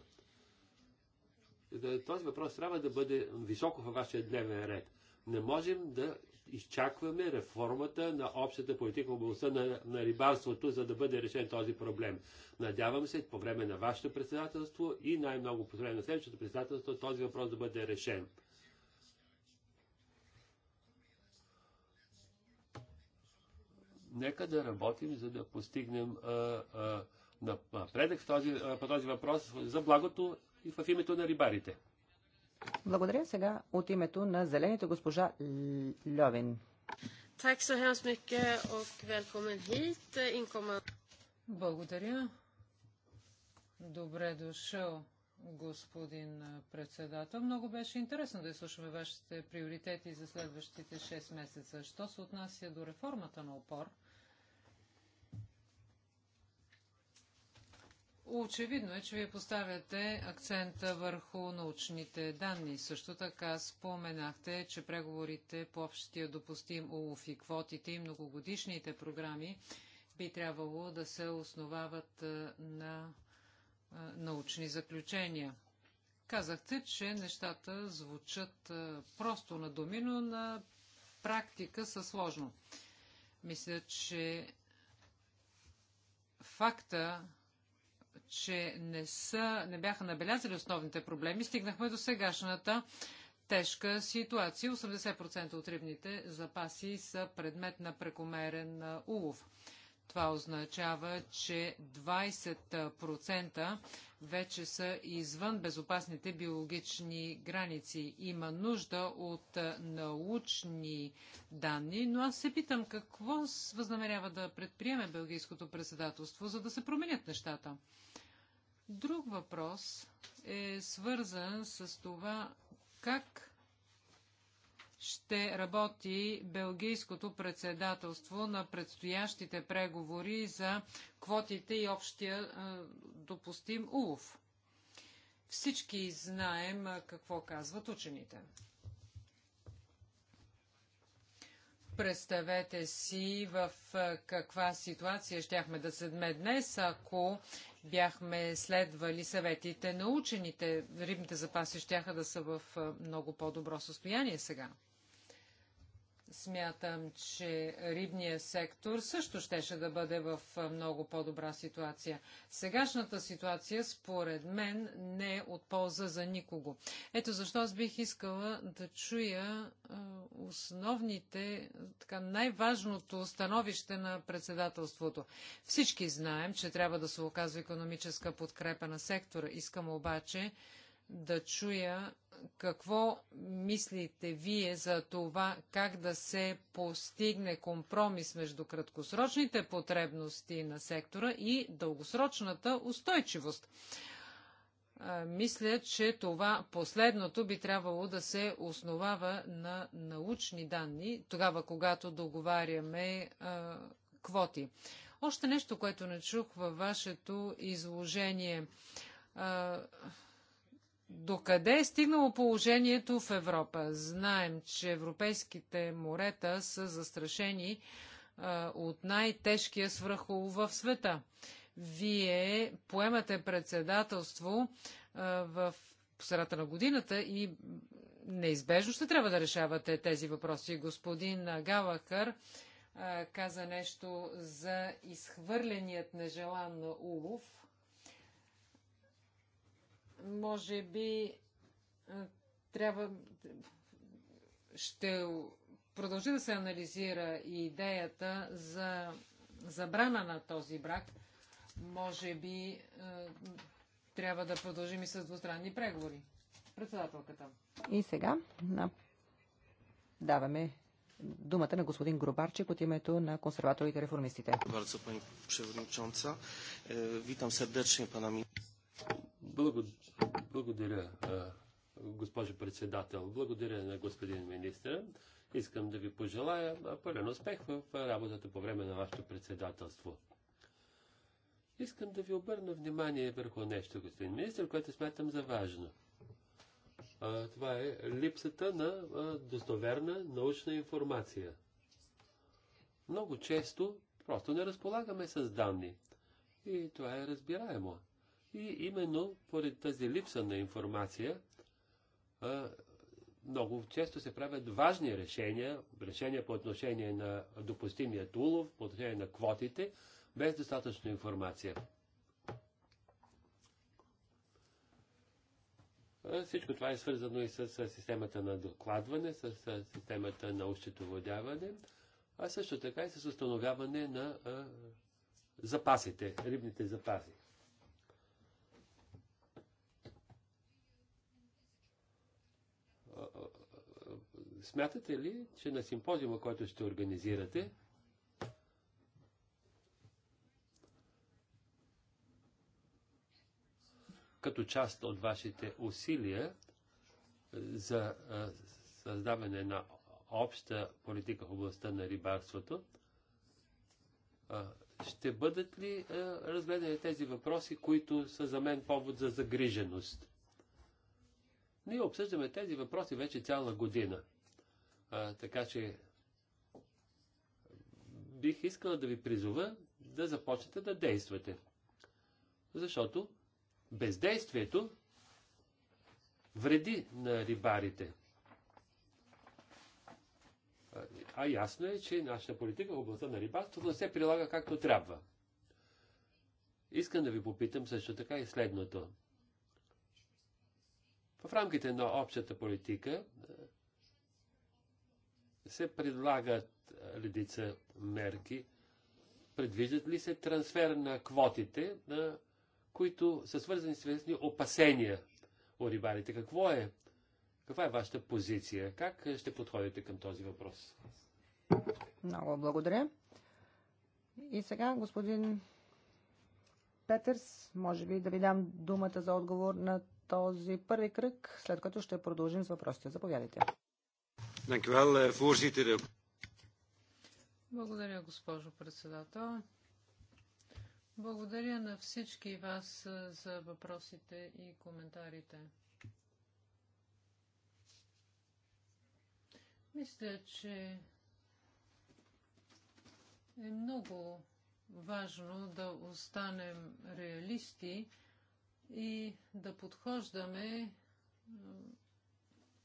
C: Този въпрос трябва да бъде високо във вашия дневен ред. Не можем да изчакваме реформата на общата политика в областта на, на рибарството, за да бъде решен този проблем. Надявам се по време на вашето председателство и най-много по време на следващото председателство този въпрос да бъде решен. Нека да работим, за да постигнем напредък в този, по този въпрос за благото и в името на рибарите.
D: Благодаря сега от името на зелените госпожа Льовин.
E: Eh, Благодаря. Добре дошъл, господин председател. Много беше интересно да изслушаме вашите приоритети за следващите 6 месеца. Що се отнася до реформата на опор, Очевидно е, че вие поставяте акцента върху научните данни. Също така споменахте, че преговорите по общия допустим улов и квотите и многогодишните програми би трябвало да се основават на научни заключения. Казахте, че нещата звучат просто на думи, но на практика са сложно. Мисля, че факта, че не, са, не бяха набелязали основните проблеми, стигнахме до сегашната тежка ситуация. 80% от рибните запаси са предмет на прекомерен улов. Това означава, че 20% вече са извън безопасните биологични граници. Има нужда от научни данни, но аз се питам какво възнамерява да предприеме Белгийското председателство, за да се променят нещата. Друг въпрос е свързан с това как ще работи Белгийското председателство на предстоящите преговори за квотите и общия е, допустим улов. Всички знаем е, какво казват учените. Представете си в е, каква ситуация щяхме да седме днес, ако бяхме следвали съветите на учените. Рибните запаси щяха да са в много по-добро състояние сега. Смятам, че рибният сектор също щеше да бъде в много по-добра ситуация. Сегашната ситуация, според мен, не е от полза за никого. Ето защо аз бих искала да чуя основните, така най-важното становище на председателството. Всички знаем, че трябва да се оказва економическа подкрепа на сектора. Искам обаче да чуя какво мислите вие за това как да се постигне компромис между краткосрочните потребности на сектора и дългосрочната устойчивост? Мисля, че това последното би трябвало да се основава на научни данни, тогава когато договаряме а, квоти. Още нещо, което не чух във вашето изложение. А, Докъде е стигнало положението в Европа? Знаем, че европейските морета са застрашени а, от най-тежкия свръхол в света. Вие поемате председателство а, в посредата на годината и неизбежно ще трябва да решавате тези въпроси. Господин Галахър каза нещо за изхвърленият нежелан улов може би трябва. Ще продължи да се анализира и идеята за забрана на този брак. Може би трябва да продължим и с двустранни преговори. Председателката.
D: И сега на... даваме думата на господин Грубарчик от името на консерваторите реформистите. Благодаря, пани przewodnicząca. Е, witam serdecznie pana Благодаря,
C: благодаря, госпожо председател. Благодаря на господин министър, Искам да ви пожелая пълен успех в работата по време на вашето председателство. Искам да ви обърна внимание върху нещо, господин министр, което смятам за важно. това е липсата на достоверна научна информация. Много често просто не разполагаме с данни. И това е разбираемо. И именно поради тази липса на информация, много често се правят важни решения, решения по отношение на допустимия улов, по отношение на квотите, без достатъчно информация. Всичко това е свързано и с системата на докладване, с системата на ощетоводяване, а също така и с установяване на запасите, рибните запаси. Смятате ли, че на симпозиума, който ще организирате, като част от вашите усилия за създаване на обща политика в областта на рибарството, ще бъдат ли разгледани тези въпроси, които са за мен повод за загриженост? Ние обсъждаме тези въпроси вече цяла година. А, така че бих искала да ви призова да започнете да действате. Защото бездействието вреди на рибарите. А ясно е, че нашата политика в областта на рибарството не се прилага както трябва. Искам да ви попитам също така и следното. В рамките на общата политика се предлагат редица мерки. Предвиждат ли се трансфер на квотите, на които са свързани с известни опасения у рибарите? Какво е? Каква е вашата позиция? Как ще подходите към този въпрос?
D: Много благодаря. И сега, господин Петърс, може би да ви дам думата за отговор на този първи кръг, след като ще продължим с въпросите. Заповядайте.
B: Eh,
E: Благодаря, госпожо председател. Благодаря на всички вас е, за въпросите и коментарите. Мисля, че е много важно да останем реалисти и да подхождаме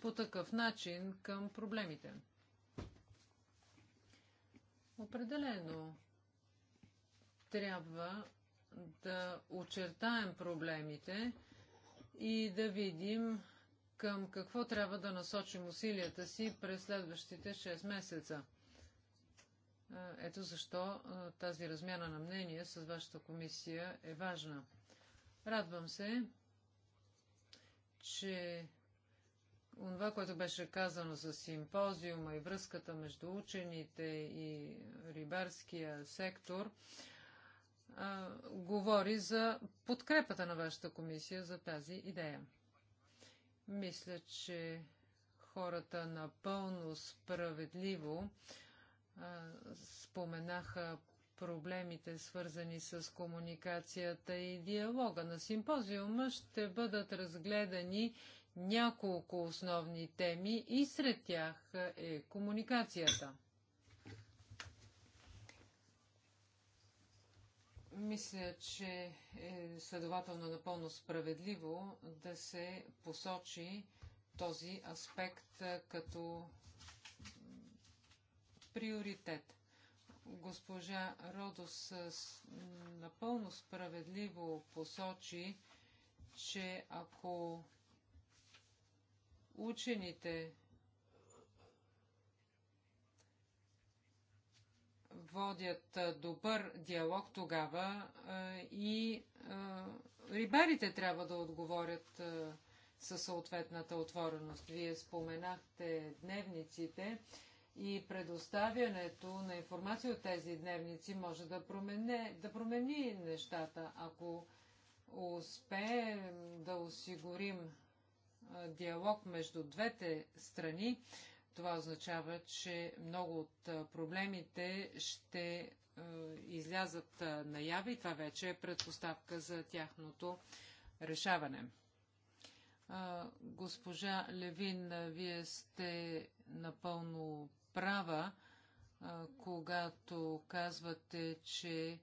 E: по такъв начин към проблемите. Определено трябва да очертаем проблемите и да видим към какво трябва да насочим усилията си през следващите 6 месеца. Ето защо тази размяна на мнение с вашата комисия е важна. Радвам се, че това, което беше казано за симпозиума и връзката между учените и рибарския сектор, а, говори за подкрепата на вашата комисия за тази идея. Мисля, че хората напълно справедливо а, споменаха проблемите, свързани с комуникацията и диалога. На симпозиума ще бъдат разгледани няколко основни теми и сред тях е комуникацията. Мисля, че е следователно напълно справедливо да се посочи този аспект като приоритет. Госпожа Родос напълно справедливо посочи, че ако Учените водят добър диалог тогава и рибарите трябва да отговорят със съответната отвореност. Вие споменахте дневниците и предоставянето на информация от тези дневници може да, промене, да промени нещата, ако успеем да осигурим диалог между двете страни, това означава, че много от проблемите ще излязат наяви и това вече е предпоставка за тяхното решаване. Госпожа Левин, вие сте напълно права, когато казвате, че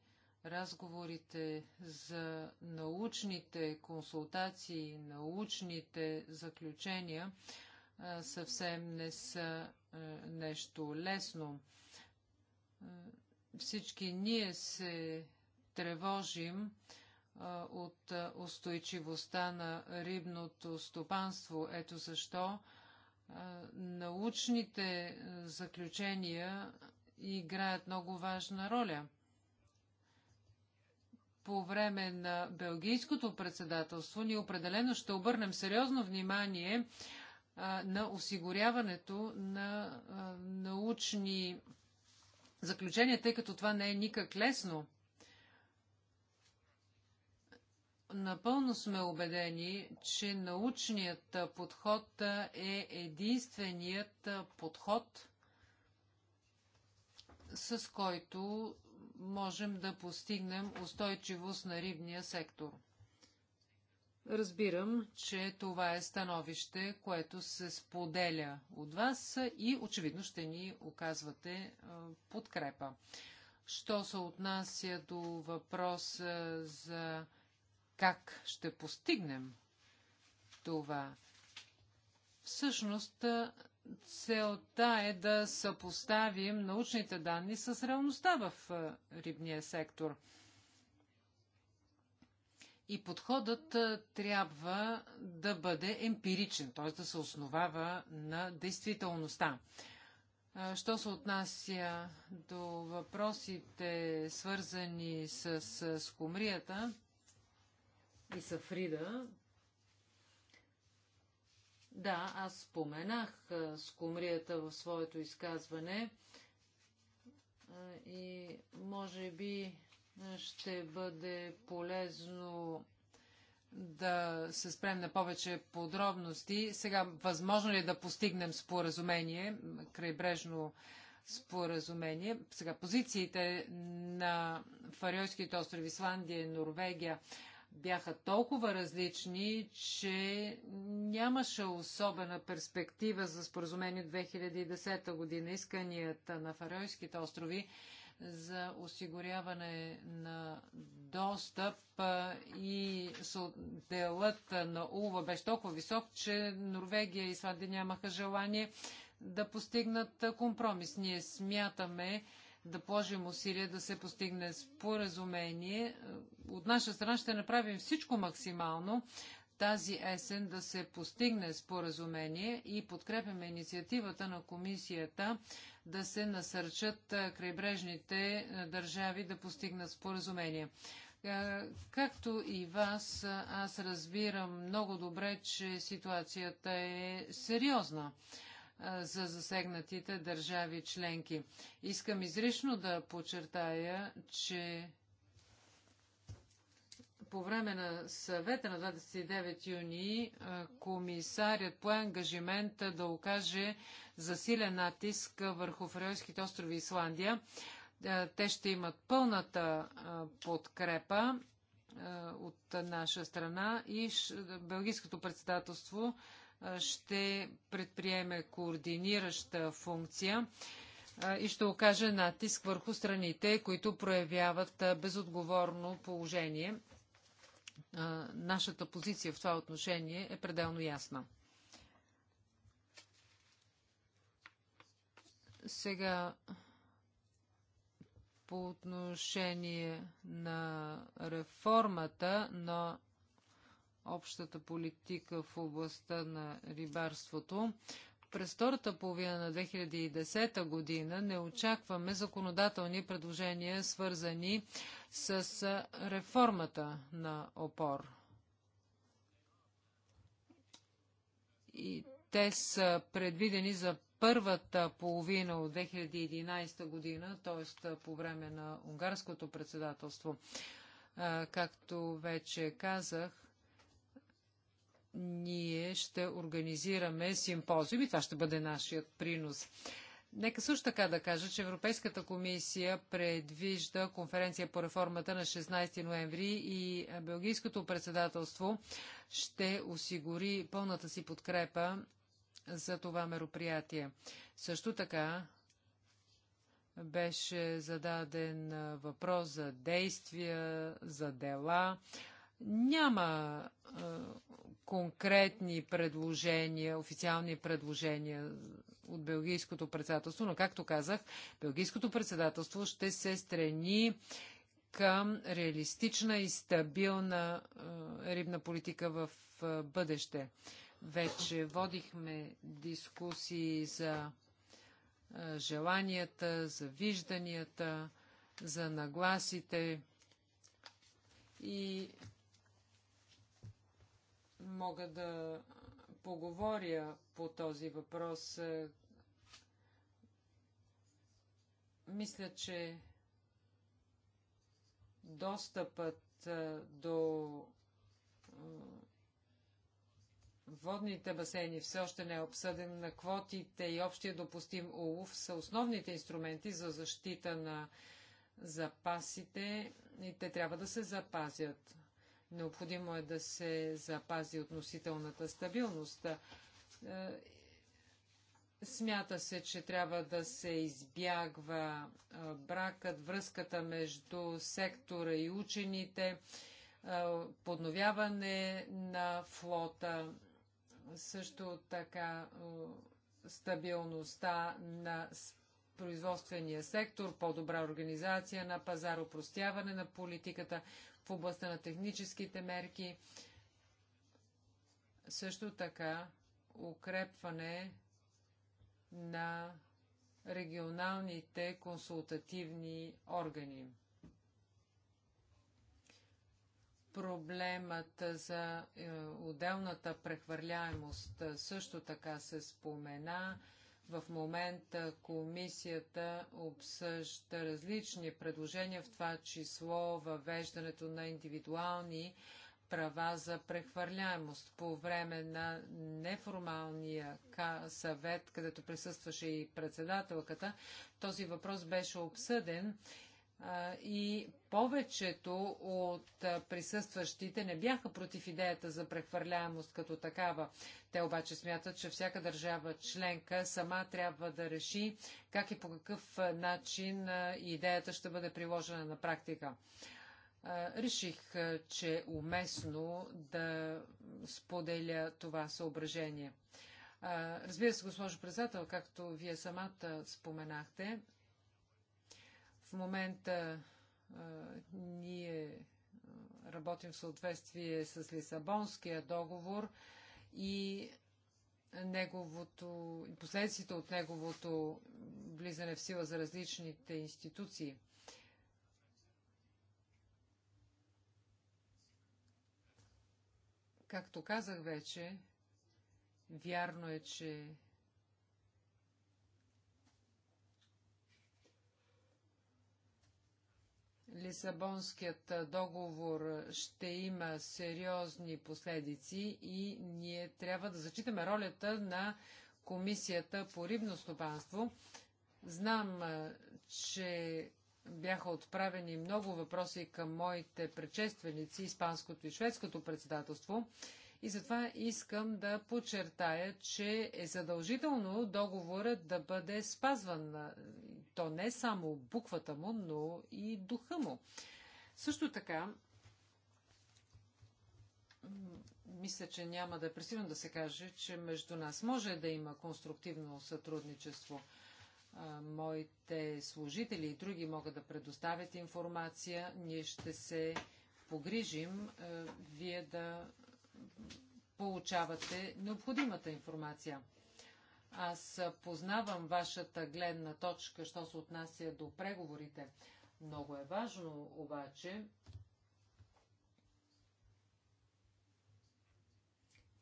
E: разговорите за научните консултации, научните заключения съвсем не са нещо лесно. Всички ние се тревожим от устойчивостта на рибното стопанство. Ето защо научните заключения играят много важна роля – по време на Белгийското председателство ние определено ще обърнем сериозно внимание на осигуряването на научни заключения, тъй като това не е никак лесно. Напълно сме убедени, че научният подход е единственият подход, с който можем да постигнем устойчивост на рибния сектор. Разбирам, че това е становище, което се споделя от вас и очевидно ще ни оказвате подкрепа. Що се отнася до въпроса за как ще постигнем това, всъщност Целта е да съпоставим научните данни с реалността в е, рибния сектор. И подходът е, трябва да бъде емпиричен, т.е. да се основава на действителността. Е, що се отнася до въпросите, свързани с скумрията и с да, аз споменах скумрията в своето изказване и може би ще бъде полезно да се спрем на повече подробности. Сега, възможно ли е да постигнем споразумение, крайбрежно споразумение? Сега, позициите на Фариойските острови, Исландия и Норвегия бяха толкова различни, че нямаше особена перспектива за споразумение 2010 година. Исканията на Фарайските острови за осигуряване на достъп и делът на улва беше толкова висок, че Норвегия и Исландия нямаха желание да постигнат компромис. Ние смятаме, да положим усилия да се постигне споразумение. От наша страна ще направим всичко максимално тази есен да се постигне споразумение и подкрепяме инициативата на комисията да се насърчат крайбрежните държави да постигнат споразумение. Както и вас, аз разбирам много добре, че ситуацията е сериозна за засегнатите държави членки. Искам изрично да подчертая, че по време на съвета на 29 юни комисарят пое ангажимент да окаже засилен натиск върху Фарерските острови Исландия. Те ще имат пълната подкрепа от наша страна и Белгийското председателство ще предприеме координираща функция и ще окаже натиск върху страните, които проявяват безотговорно положение. Нашата позиция в това отношение е пределно ясна. Сега по отношение на реформата на общата политика в областта на рибарството. През втората половина на 2010 година не очакваме законодателни предложения, свързани с реформата на ОПОР. И те са предвидени за първата половина от 2011 година, т.е. по време на унгарското председателство. Както вече казах, ние ще организираме симпозиуми, това ще бъде нашият принос. Нека също така да кажа, че Европейската комисия предвижда конференция по реформата на 16 ноември и Белгийското председателство ще осигури пълната си подкрепа за това мероприятие. Също така беше зададен въпрос за действия, за дела няма а, конкретни предложения, официални предложения от Белгийското председателство, но както казах, Белгийското председателство ще се страни към реалистична и стабилна а, рибна политика в а, бъдеще. Вече водихме дискусии за а, желанията, за вижданията, за нагласите и мога да поговоря по този въпрос. Мисля, че достъпът до водните басейни все още не е обсъден, на квотите и общия допустим улов са основните инструменти за защита на запасите и те трябва да се запазят. Необходимо е да се запази относителната стабилност. Е, смята се, че трябва да се избягва е, бракът, връзката между сектора и учените, е, подновяване на флота, също така стабилността на производствения сектор, по-добра организация на пазар, упростяване на политиката в областта на техническите мерки. Също така укрепване на регионалните консултативни органи. Проблемът за е, отделната прехвърляемост също така се спомена. В момента комисията обсъжда различни предложения, в това число въвеждането на индивидуални права за прехвърляемост. По време на неформалния съвет, където присъстваше и председателката, този въпрос беше обсъден и повечето от присъстващите не бяха против идеята за прехвърляемост като такава. Те обаче смятат, че всяка държава членка сама трябва да реши как и по какъв начин идеята ще бъде приложена на практика. Реших, че е уместно да споделя това съображение. Разбира се, госпожо председател, както вие самата споменахте, в момента а, ние работим в съответствие с Лисабонския договор и неговото, последствията от неговото влизане в сила за различните институции. Както казах вече, вярно е, че Лисабонският договор ще има сериозни последици и ние трябва да зачитаме ролята на Комисията по рибно стопанство. Знам, че бяха отправени много въпроси към моите предшественици, Испанското и Шведското председателство. И затова искам да подчертая, че е задължително договорът да бъде спазван то не само буквата му, но и духа му. Също така, мисля, че няма да е пресилен да се каже, че между нас може да има конструктивно сътрудничество. Моите служители и други могат да предоставят информация. Ние ще се погрижим вие да получавате необходимата информация. Аз познавам вашата гледна точка, що се отнася до преговорите. Много е важно обаче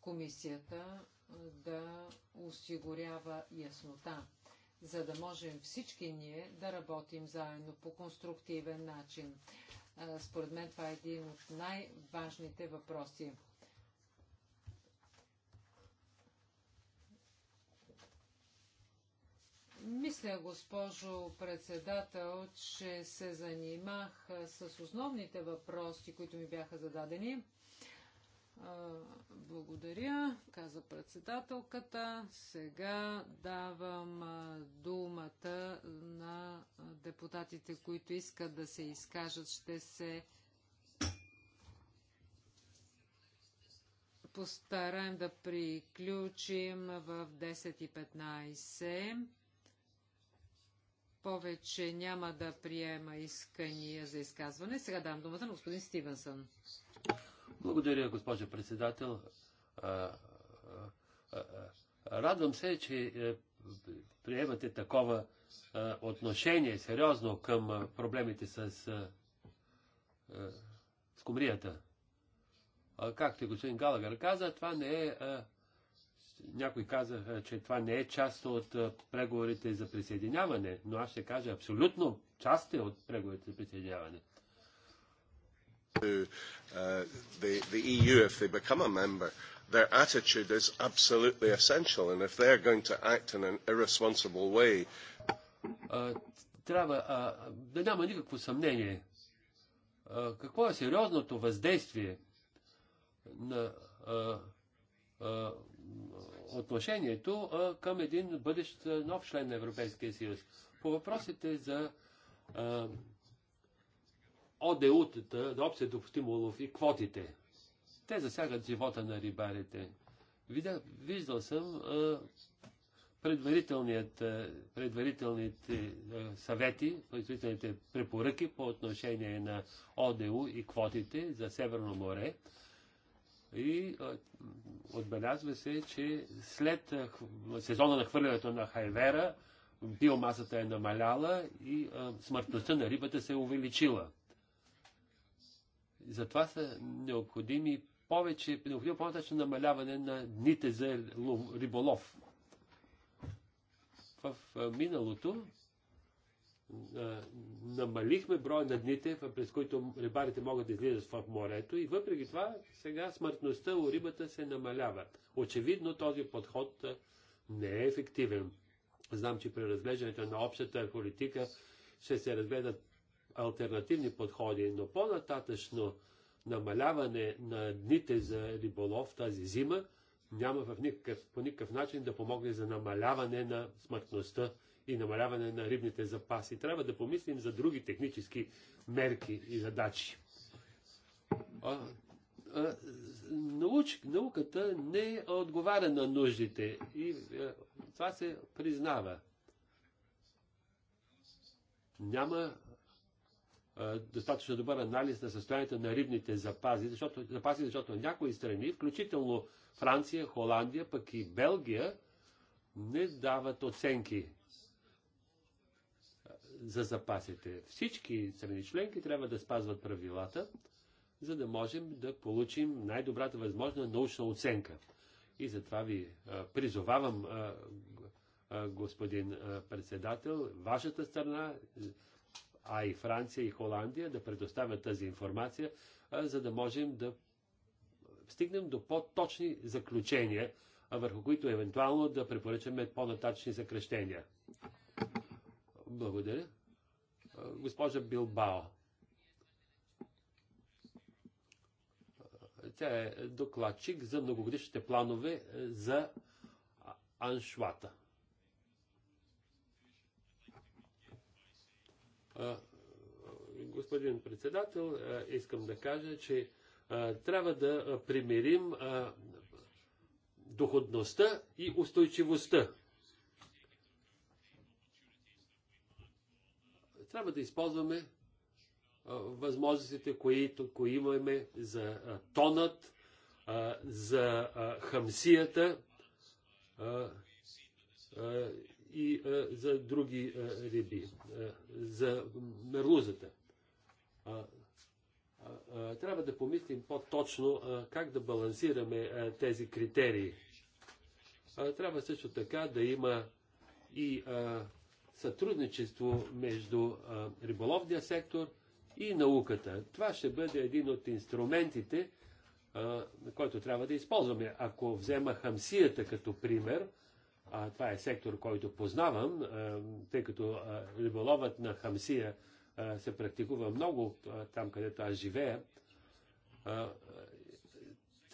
E: комисията да осигурява яснота, за да можем всички ние да работим заедно по конструктивен начин. Според мен това е един от най-важните въпроси. Мисля, госпожо председател, че се занимах с основните въпроси, които ми бяха зададени. Благодаря, каза председателката. Сега давам думата на депутатите, които искат да се изкажат. Ще се постараем да приключим в 10.15. Повече няма да приема искания за изказване. Сега дам думата на господин Стивенсън.
C: Благодаря, госпожо председател. Радвам се, че е, приемате такова отношение сериозно към проблемите с, скумрията. Както и господин Галагар каза, това не е някой казаха, че това не е част от преговорите за присъединяване, но аз ще кажа абсолютно част е от преговорите за присъединяване.
A: To, uh, the, the EU, if they become a member, their attitude is absolutely essential, and if they are going to act in an irresponsible way.
C: трябва да няма никакво съмнение. какво е сериозното въздействие на отношението а, към един бъдещ нов член на Европейския съюз. По въпросите за а, ОДУ-тата, общия допустим улов и квотите, те засягат живота на рибарите. Видя, виждал съм а, предварителният, предварителните съвети, предварителните препоръки по отношение на ОДУ и квотите за Северно море. И отбелязва се, че след сезона на хвърлянето на хайвера, биомасата е намаляла и смъртността на рибата се е увеличила. Затова са необходими повече, необходимо по намаляване на дните за риболов. В миналото намалихме броя на дните, през които рибарите могат да излизат в морето и въпреки това сега смъртността у рибата се намалява. Очевидно този подход не е ефективен. Знам, че при разглеждането на общата политика ще се разгледат альтернативни подходи, но по-нататъчно намаляване на дните за риболов тази зима няма в никакъв, по никакъв начин да помогне за намаляване на смъртността и намаляване на рибните запаси. Трябва да помислим за други технически мерки и задачи. А, а, науч, науката не отговаря на нуждите и а, е, това се признава. Няма е, достатъчно добър анализ на състоянието на рибните запаси, защото, запаси, защото някои страни, включително Франция, Холандия, пък и Белгия, не дават оценки за запасите. Всички страни членки трябва да спазват правилата, за да можем да получим най-добрата възможна научна оценка. И затова ви а, призовавам, а, а, господин а, председател, вашата страна, а и Франция и Холандия да предоставят тази информация, а, за да можем да стигнем до по-точни заключения, а, върху които евентуално да препоръчаме по-нататъчни съкрещения. Благодаря. Госпожа Билбао. Тя е докладчик за многогодишните планове за Аншвата. Господин председател, искам да кажа, че трябва да примирим доходността и устойчивостта Трябва да използваме възможностите, които, които имаме за тонът, за хамсията и за други риби, за мерлузата. Трябва да помислим по-точно как да балансираме тези критерии. Трябва също така да има и сътрудничество между риболовния сектор и науката. Това ще бъде един от инструментите, който трябва да използваме. Ако взема хамсията като пример, а, това е сектор, който познавам, тъй като риболовът на хамсия се практикува много там, където аз живея,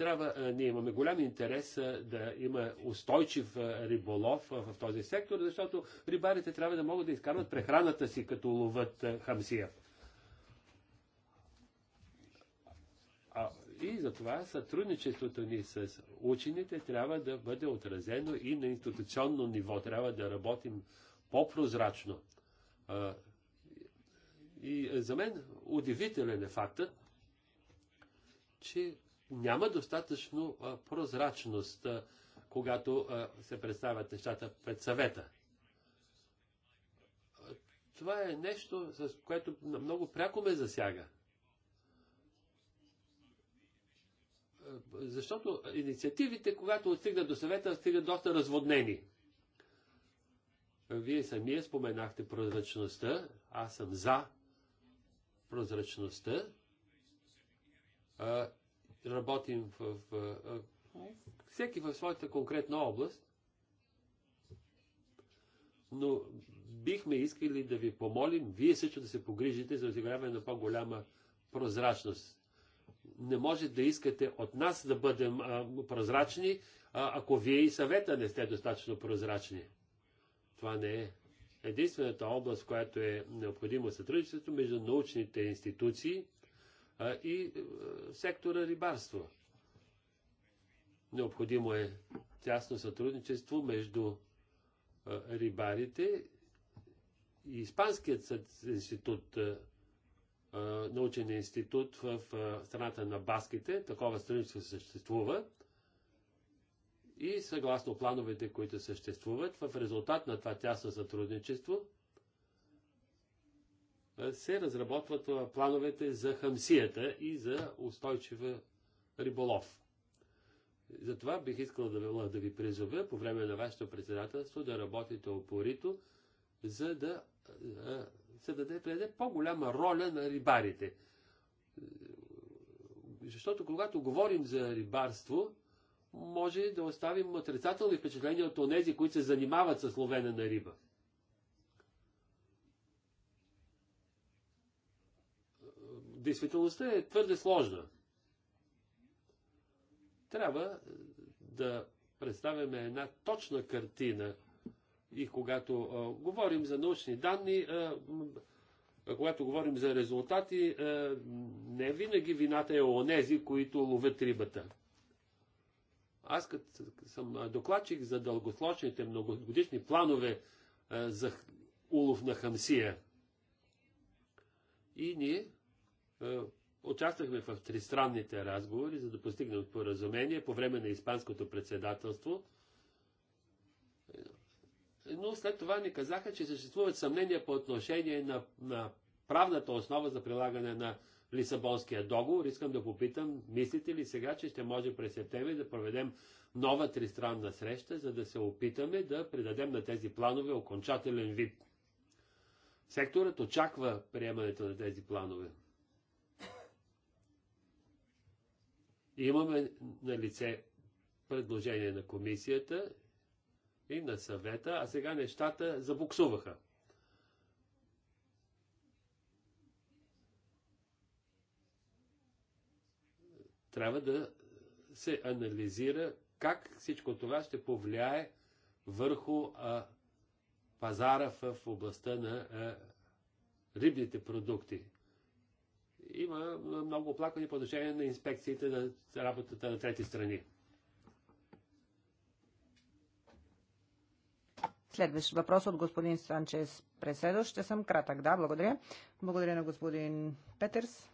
C: трябва, ние имаме голям интерес да има устойчив риболов в този сектор, защото рибарите трябва да могат да изкарват прехраната си, като ловат хамсия. И затова сътрудничеството ни с учените трябва да бъде отразено и на институционно ниво. Трябва да работим по-прозрачно. И за мен удивителен е фактът, че няма достатъчно прозрачност, когато се представят нещата пред съвета. Това е нещо, с което много пряко ме засяга. Защото инициативите, когато отстигнат до съвета, стигат доста разводнени. Вие самия споменахте прозрачността. Аз съм за прозрачността работим в, в всеки в своята конкретна област, но бихме искали да ви помолим, вие също да се погрижите за осигуряване на по-голяма прозрачност. Не може да искате от нас да бъдем а, прозрачни, а, ако вие и съвета не сте достатъчно прозрачни. Това не е единствената област, в която е необходимо сътрудничеството между научните институции – и сектора рибарство. Необходимо е тясно сътрудничество между рибарите и Испанският институт, научен институт в страната на Баските. Такова сътрудничество съществува. И съгласно плановете, които съществуват, в резултат на това тясно сътрудничество – се разработват плановете за хамсията и за устойчива риболов. Затова бих искал да, да ви призовя по време на вашето председателство да работите опорито, за да се даде, преди по-голяма роля на рибарите. Защото когато говорим за рибарство, може да оставим отрицателни впечатления от тези, които се занимават с ловене на риба. действителността е твърде сложна. Трябва е, да представяме една точна картина и когато а, е, говорим за научни данни, а, е, а, когато говорим за резултати, а, не винаги вината е онези, които ловят рибата. Аз като съм докладчик за дългосрочните многогодишни планове а, за улов на хамсия. И ние е, участвахме в тристранните разговори, за да постигнем поразумение по време на Испанското председателство. Е, но след това ни казаха, че съществуват съмнения по отношение на, на правната основа за прилагане на Лисабонския договор. Искам да попитам, мислите ли сега, че ще може през септември да проведем нова тристранна среща, за да се опитаме да придадем на тези планове окончателен вид? Секторът очаква приемането на тези планове. Имаме на лице предложение на комисията и на съвета, а сега нещата забуксуваха. Трябва да се анализира как всичко това ще повлияе върху а, пазара в областта на а, рибните продукти има много оплакване по отношение на инспекциите на работата на трети страни.
D: Следващ въпрос от господин Санчес Преседо. Ще съм кратък. Да, благодаря. Благодаря на господин Петърс.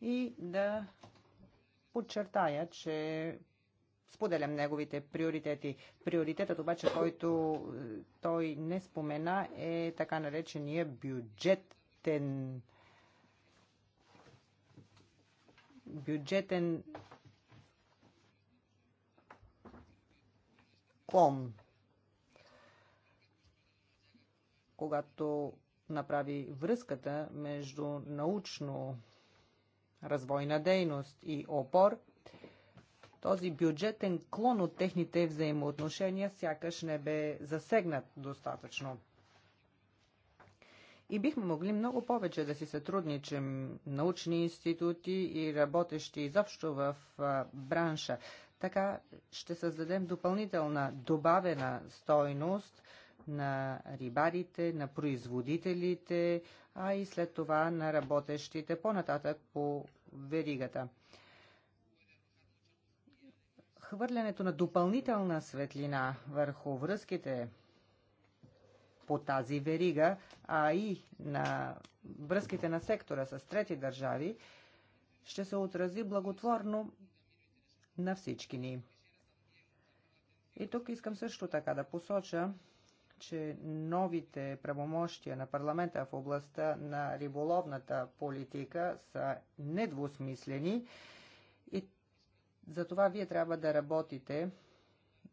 D: И да подчертая, че споделям неговите приоритети. Приоритетът обаче, който е, той не спомена, е така наречения бюджетен бюджетен клон. Когато направи връзката между научно развойна дейност и опор, този бюджетен клон от техните взаимоотношения сякаш не бе засегнат достатъчно. И бихме могли много повече да си сътрудничим научни институти и работещи изобщо в бранша. Така ще създадем допълнителна добавена стойност на рибарите, на производителите, а и след това на работещите по-нататък по веригата. Хвърлянето на допълнителна светлина върху връзките по тази верига, а и на връзките на сектора с трети държави, ще се отрази благотворно на всички ни. И тук искам също така да посоча, че новите правомощия на парламента в областта на риболовната политика са недвусмислени и за това вие трябва да работите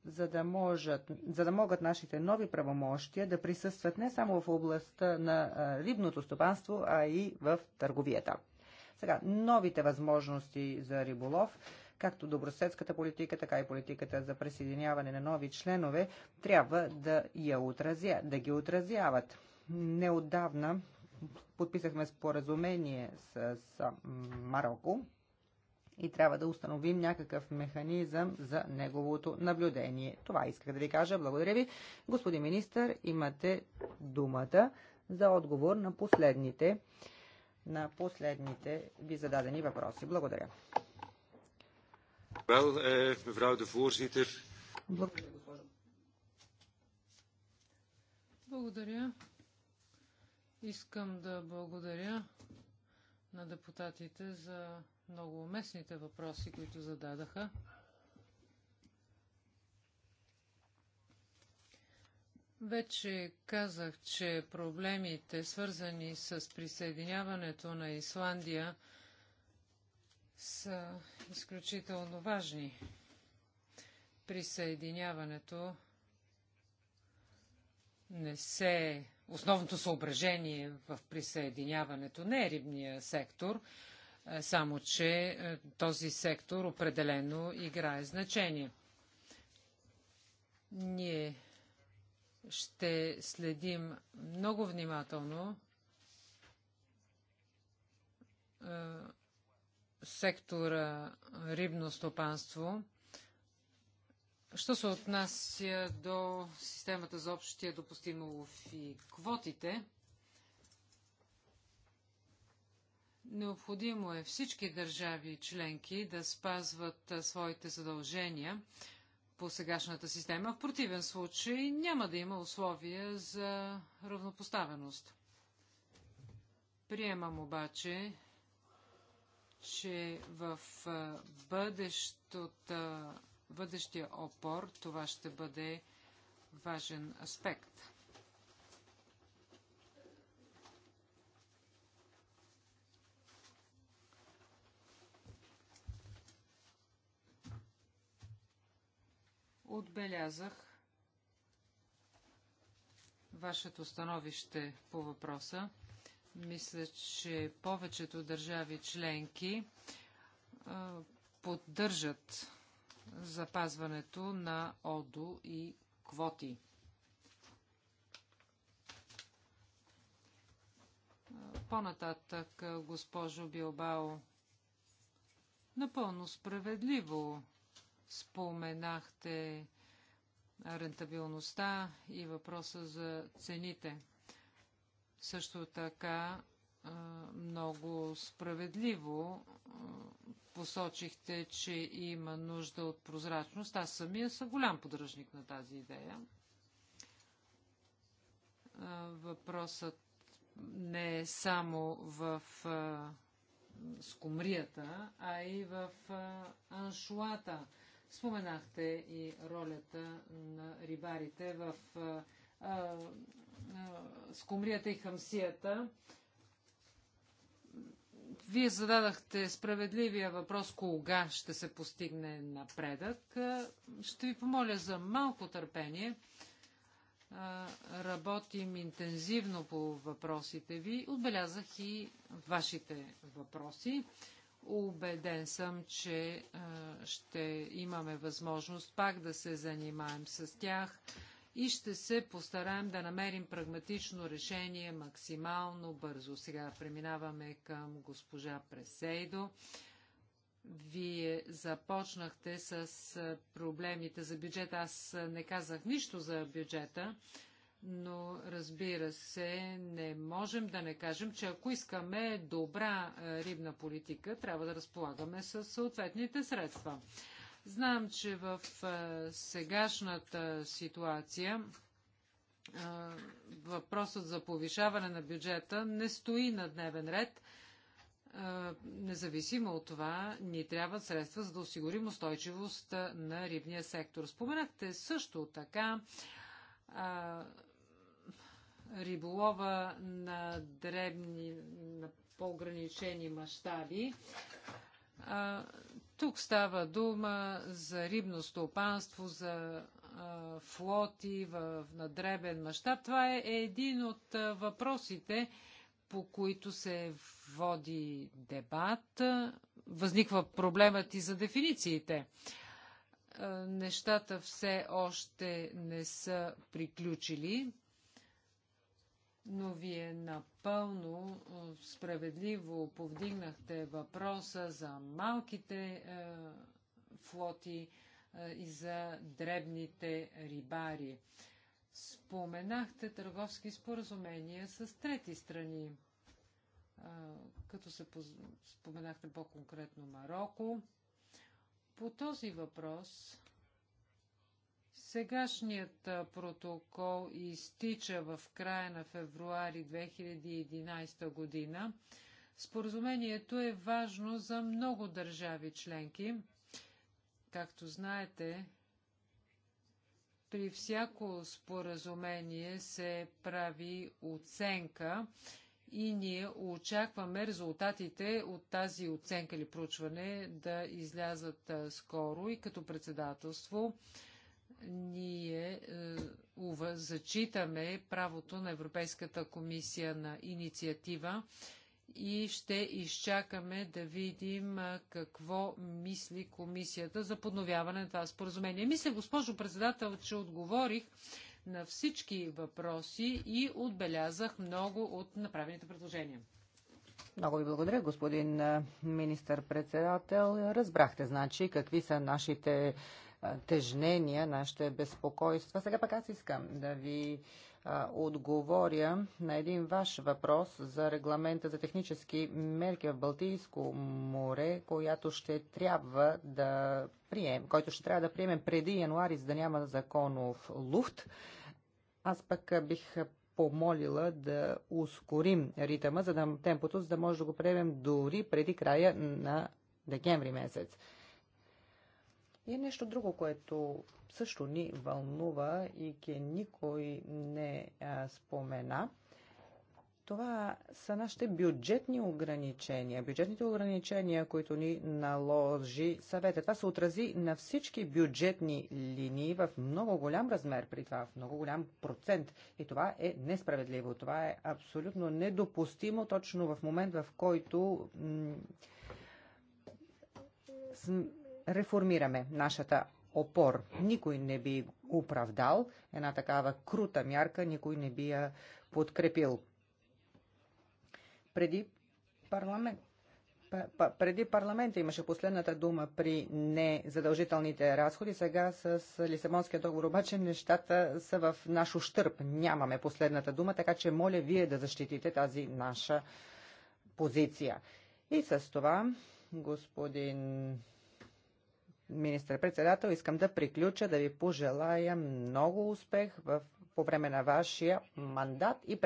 D: за да, можат, за да могат нашите нови правомощия да присъстват не само в областта на рибното стопанство, а и в търговията. Сега, новите възможности за риболов, както добросъдската политика, така и политиката за присъединяване на нови членове, трябва да, я отразя, да ги отразяват. Неодавна подписахме споразумение с Марокко, и трябва да установим някакъв механизъм за неговото наблюдение. Това исках да ви кажа. Благодаря ви. Господин министр, имате думата за отговор на последните, на последните ви зададени въпроси. Благодаря.
B: Eh,
D: благодаря,
E: госпожо. Благодаря. Искам да благодаря на депутатите за много уместните въпроси, които зададаха. Вече казах, че проблемите, свързани с присъединяването на Исландия, са изключително важни. Присъединяването не се... Основното съображение в присъединяването не е рибния сектор, е, само, че е, този сектор определено играе значение. Ние ще следим много внимателно е, сектора рибно стопанство. Що се отнася до системата за общия допустим улов и квотите, Необходимо е всички държави членки да спазват своите задължения по сегашната система. В противен случай няма да има условия за равнопоставеност. Приемам обаче, че в бъдещия опор това ще бъде важен аспект. Отбелязах вашето становище по въпроса. Мисля, че повечето държави членки поддържат запазването на ОДО и квоти. По-нататък, госпожо Билбао, напълно справедливо Споменахте рентабилността и въпроса за цените. Също така много справедливо посочихте, че има нужда от прозрачност. Аз самия съм голям подръжник на тази идея. Въпросът не е само в скумрията, а и в аншуата. Споменахте и ролята на рибарите в а, а, скумрията и хамсията. Вие зададахте справедливия въпрос кога ще се постигне напредък. Ще ви помоля за малко търпение. Работим интензивно по въпросите ви. Отбелязах и вашите въпроси. Убеден съм, че ще имаме възможност пак да се занимаем с тях и ще се постараем да намерим прагматично решение максимално бързо. Сега преминаваме към госпожа Пресейдо. Вие започнахте с проблемите за бюджета. Аз не казах нищо за бюджета, но разбира се, не можем да не кажем, че ако искаме добра е, рибна политика, трябва да разполагаме с съответните средства. Знам, че в е, сегашната ситуация е, въпросът за повишаване на бюджета не стои на дневен ред. Независимо от това, ни трябват средства, за да осигурим устойчивост на рибния сектор. Споменахте също така риболова на дребни, на по-ограничени мащаби. Тук става дума за рибно стопанство, за а, флоти в, на дребен мащаб. Това е един от а, въпросите, по които се води дебат. Възниква проблемът и за дефинициите. А, нещата все още не са приключили но вие напълно справедливо повдигнахте въпроса за малките е, флоти е, и за дребните рибари. Споменахте търговски споразумения с трети страни, е, като се поз... споменахте по-конкретно Марокко. По този въпрос Сегашният протокол изтича в края на февруари 2011 година. Споразумението е важно за много държави членки. Както знаете, при всяко споразумение се прави оценка и ние очакваме резултатите от тази оценка или проучване да излязат скоро и като председателство ние е, ува, зачитаме правото на Европейската комисия на инициатива и ще изчакаме да видим е, какво мисли комисията за подновяване на това споразумение. Мисля, госпожо председател, че отговорих на всички въпроси и отбелязах много от направените предложения.
D: Много ви благодаря, господин е, министър-председател. Разбрахте, значи, какви са нашите тежнения, нашите безпокойства. Сега пък аз искам да ви отговоря на един ваш въпрос за регламента за технически мерки в Балтийско море, която ще трябва да прием, който ще трябва да приемем преди януари, за да няма законов луфт. Аз пък бих помолила да ускорим ритъма, за да темпото, за да може да го приемем дори преди края на декември месец. И е нещо друго, което също ни вълнува и ке никой не а, спомена, това са нашите бюджетни ограничения. Бюджетните ограничения, които ни наложи съвета. Това се отрази на всички бюджетни линии в много голям размер, при това в много голям процент. И това е несправедливо. Това е абсолютно недопустимо точно в момент, в който реформираме нашата опор. Никой не би оправдал една такава крута мярка, никой не би я подкрепил. Преди парламент, преди парламента имаше последната дума при незадължителните разходи. Сега с Лисабонския договор обаче нещата са в наш ущърп. Нямаме последната дума, така че моля вие да защитите тази наша позиция. И с това, господин министър-председател, искам да приключа, да ви пожелая много успех в, по време на вашия мандат и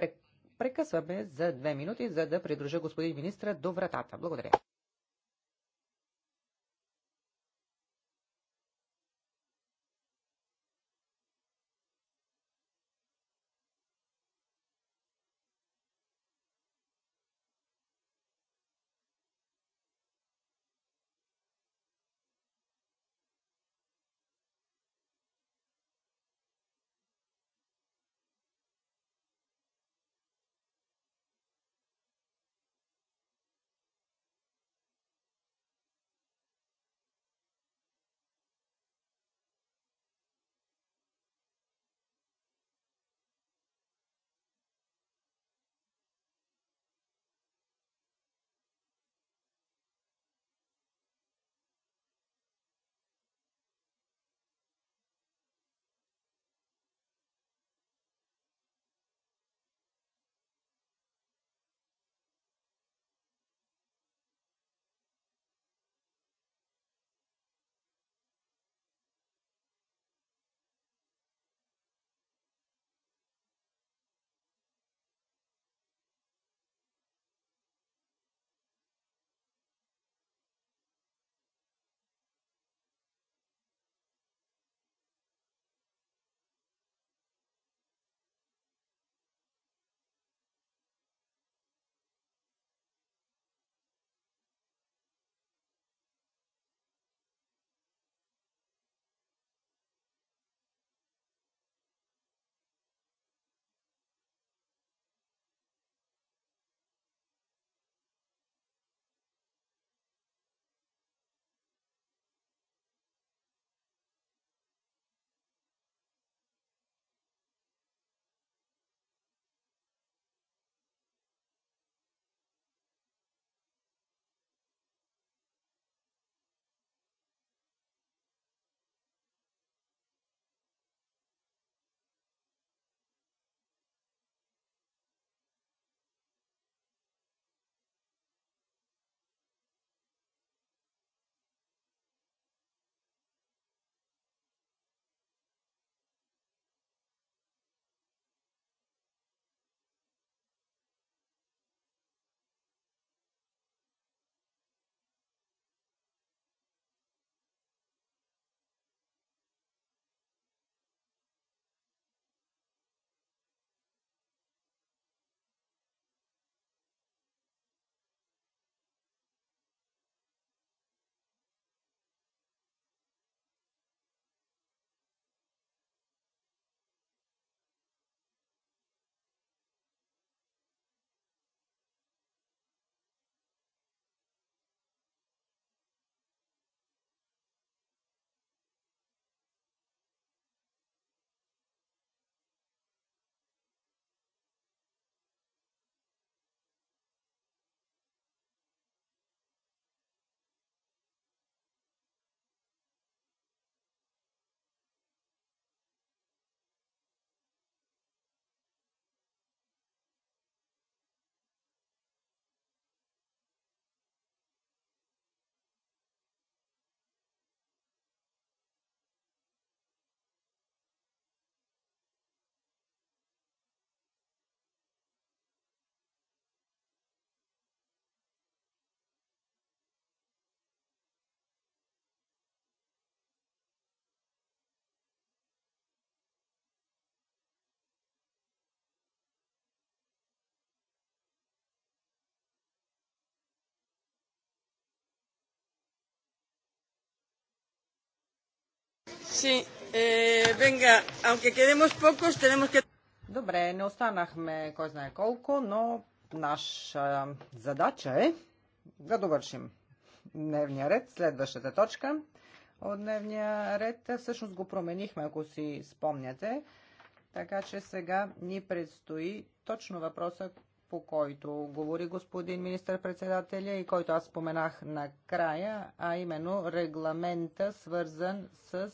D: прекъсваме за две минути, за да придружа господин министра до вратата. Благодаря.
A: Sí, eh,
D: venga, aunque quedemos pocos, tenemos que... Добре, не останахме кой знае колко, но наша задача е да довършим дневния ред, следващата точка от дневния ред. Всъщност го променихме, ако си спомняте. Така че сега ни предстои точно въпроса, по който говори господин министър-председателя и който аз споменах накрая, а именно регламента свързан с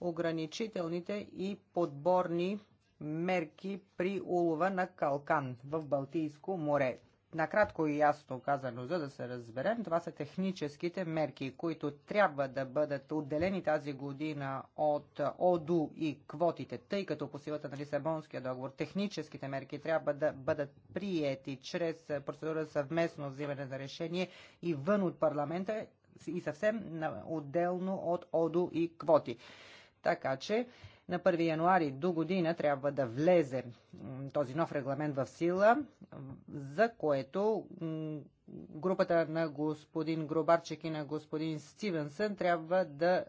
D: ограничителните и подборни мерки при улова на калкан в Балтийско море накратко и ясно казано, за да се разберем, това са техническите мерки, които трябва да бъдат отделени тази година от ОДУ и квотите, тъй като по силата на Лисабонския договор техническите мерки трябва да бъдат приети чрез процедура съвместно взимане на решение и вън от парламента и съвсем отделно от ОДУ и квоти. Така че на 1 януари до година трябва да влезе този нов регламент в сила, за което групата на господин Гробарчик и на господин Стивенсън трябва да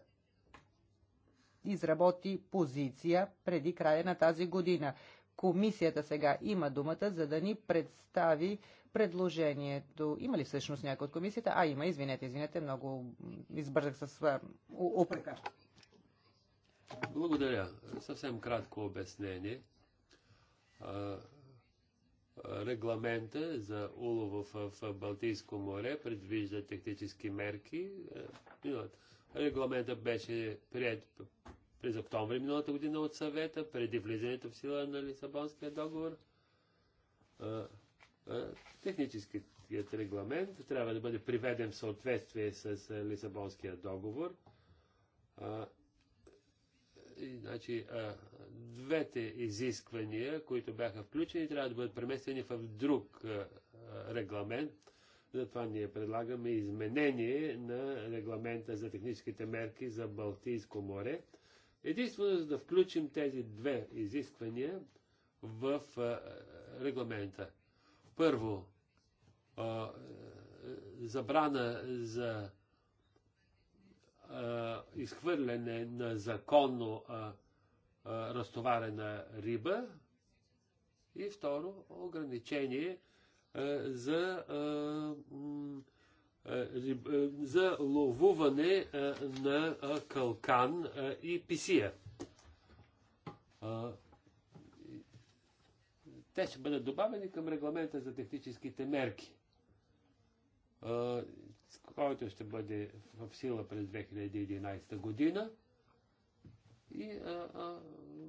D: изработи позиция преди края на тази година. Комисията сега има думата, за да ни представи предложението. Има ли всъщност някой от комисията? А, има, извинете, извинете, много избързах с упрека.
C: Благодаря. Съвсем кратко обяснение. Регламента за улов в Балтийско море предвижда технически мерки. Регламента беше прият през октомври миналата година от съвета, преди влизането в сила на Лисабонския договор. Техническият регламент трябва да бъде приведен в съответствие с Лисабонския договор Значи, двете изисквания, които бяха включени, трябва да бъдат преместени в друг регламент. Затова ние предлагаме изменение на регламента за техническите мерки за Балтийско море. Единствено, за да включим тези две изисквания в регламента. Първо, е, забрана за е, изхвърляне на законно е, е, разтоварена риба и второ ограничение за, за ловуване на калкан и писия. те ще бъдат добавени към регламента за техническите мерки който ще бъде в сила през 2011 година. И а, а,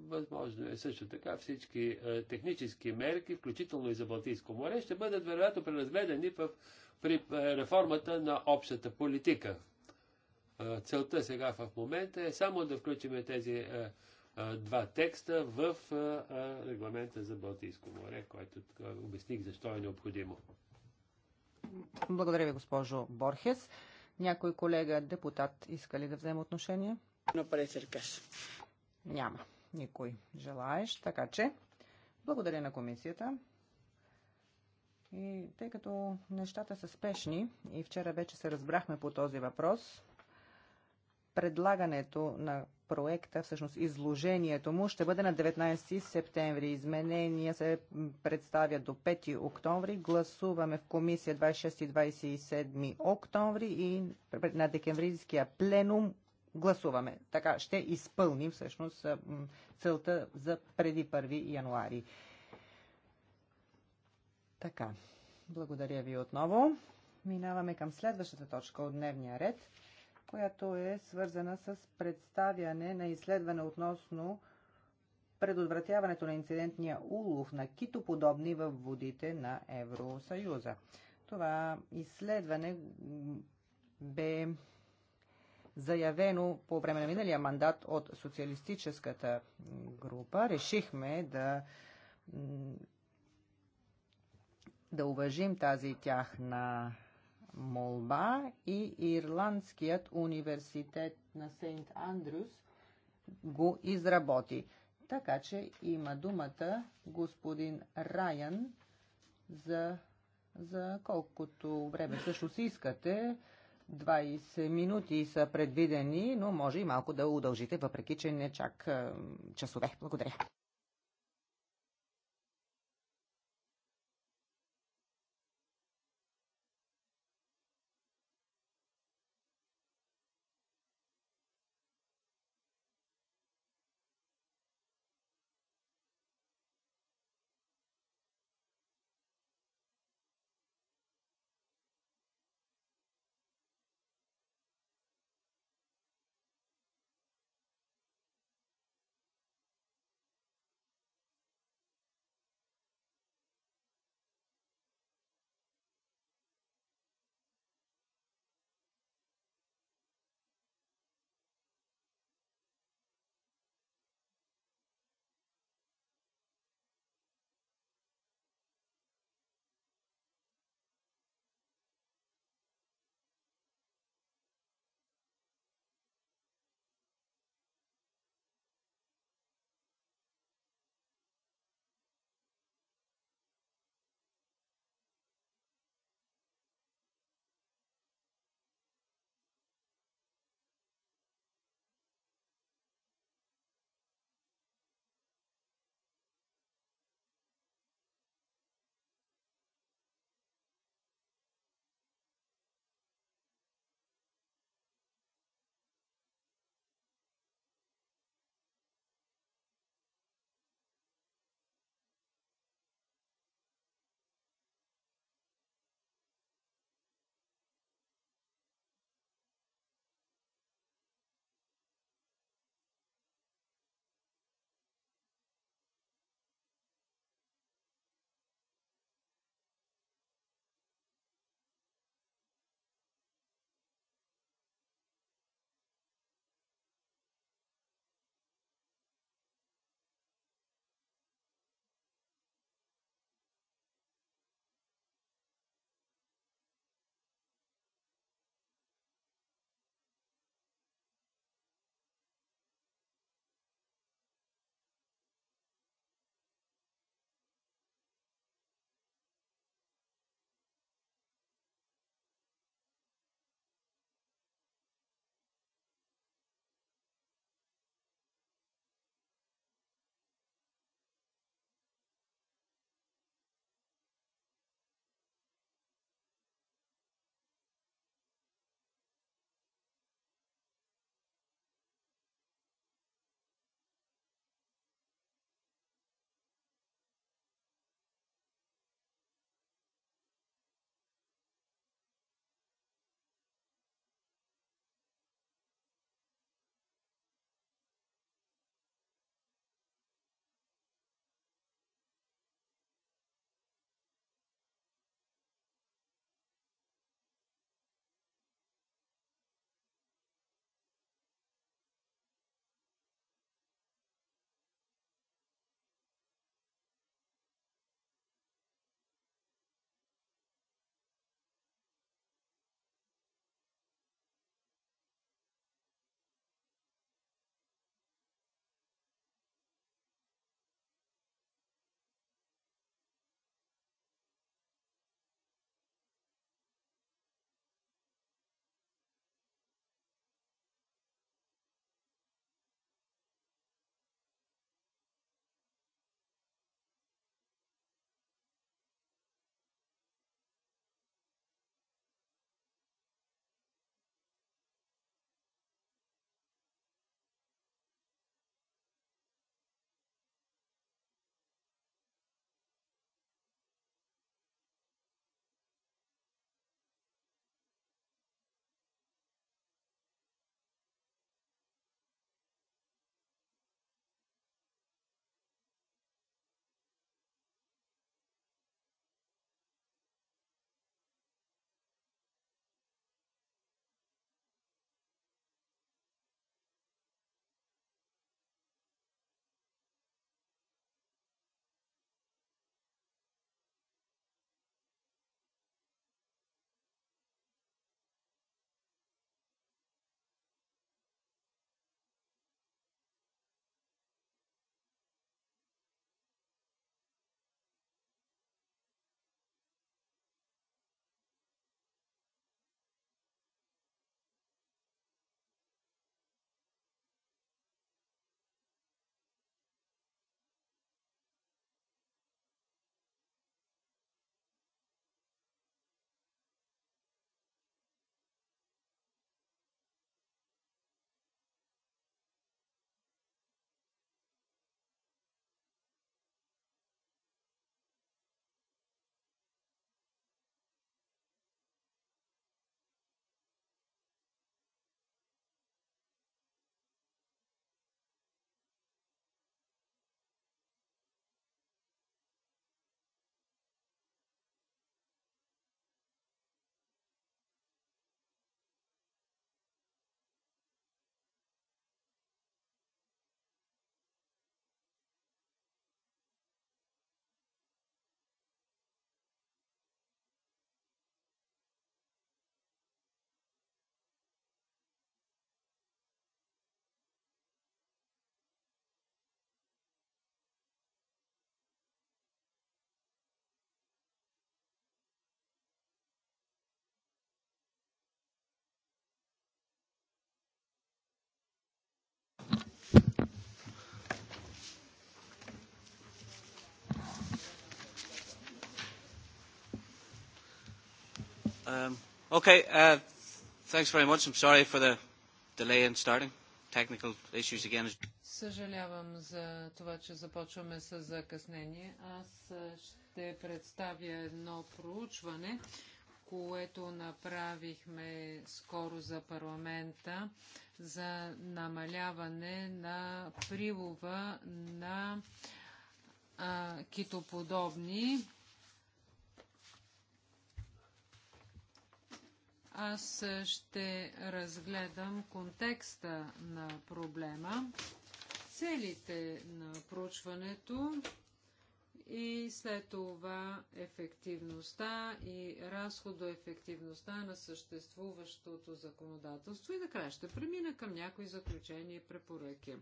C: възможно е също така всички а, технически мерки, включително и за Балтийско море, ще бъдат вероятно преразгледани в, при а, реформата на общата политика. А, целта сега в момента е само да включим тези а, а, два текста в а, а, регламента за Балтийско море, който обясних защо е необходимо.
D: Благодаря ви, госпожо Борхес. Някой колега депутат иска ли да вземе отношение? Но Няма никой желаеш, така че благодаря на комисията. И тъй като нещата са спешни и вчера вече се разбрахме по този въпрос, предлагането на проекта, всъщност изложението му ще бъде на 19 септември. Изменения се представят до 5 октомври. Гласуваме в комисия 26 и 27 октомври и на декемврийския пленум гласуваме. Така ще изпълним всъщност целта за преди 1 януари. Така, благодаря ви отново. Минаваме към следващата точка от дневния ред – която е свързана с представяне на изследване относно предотвратяването на инцидентния улов на китоподобни във водите на Евросъюза. Това изследване бе заявено по време на миналия мандат от социалистическата група. Решихме да да уважим тази тяхна молба и Ирландският университет на Сейнт Андрюс го изработи. Така че има думата господин Райан за, за колкото време също си искате. 20 минути са предвидени, но може и малко да удължите, въпреки че не чак часове. Благодаря.
A: Um, okay, uh,
D: thanks very much. I'm sorry for the delay in starting. Technical issues again.
E: Съжалявам за това, че започваме с закъснение. Аз ще представя едно проучване, което направихме скоро за парламента за намаляване на прилова на а, китоподобни Аз ще разгледам контекста на проблема, целите на проучването и след това ефективността и разходоефективността на съществуващото законодателство и накрая ще премина към някои заключения и препоръки.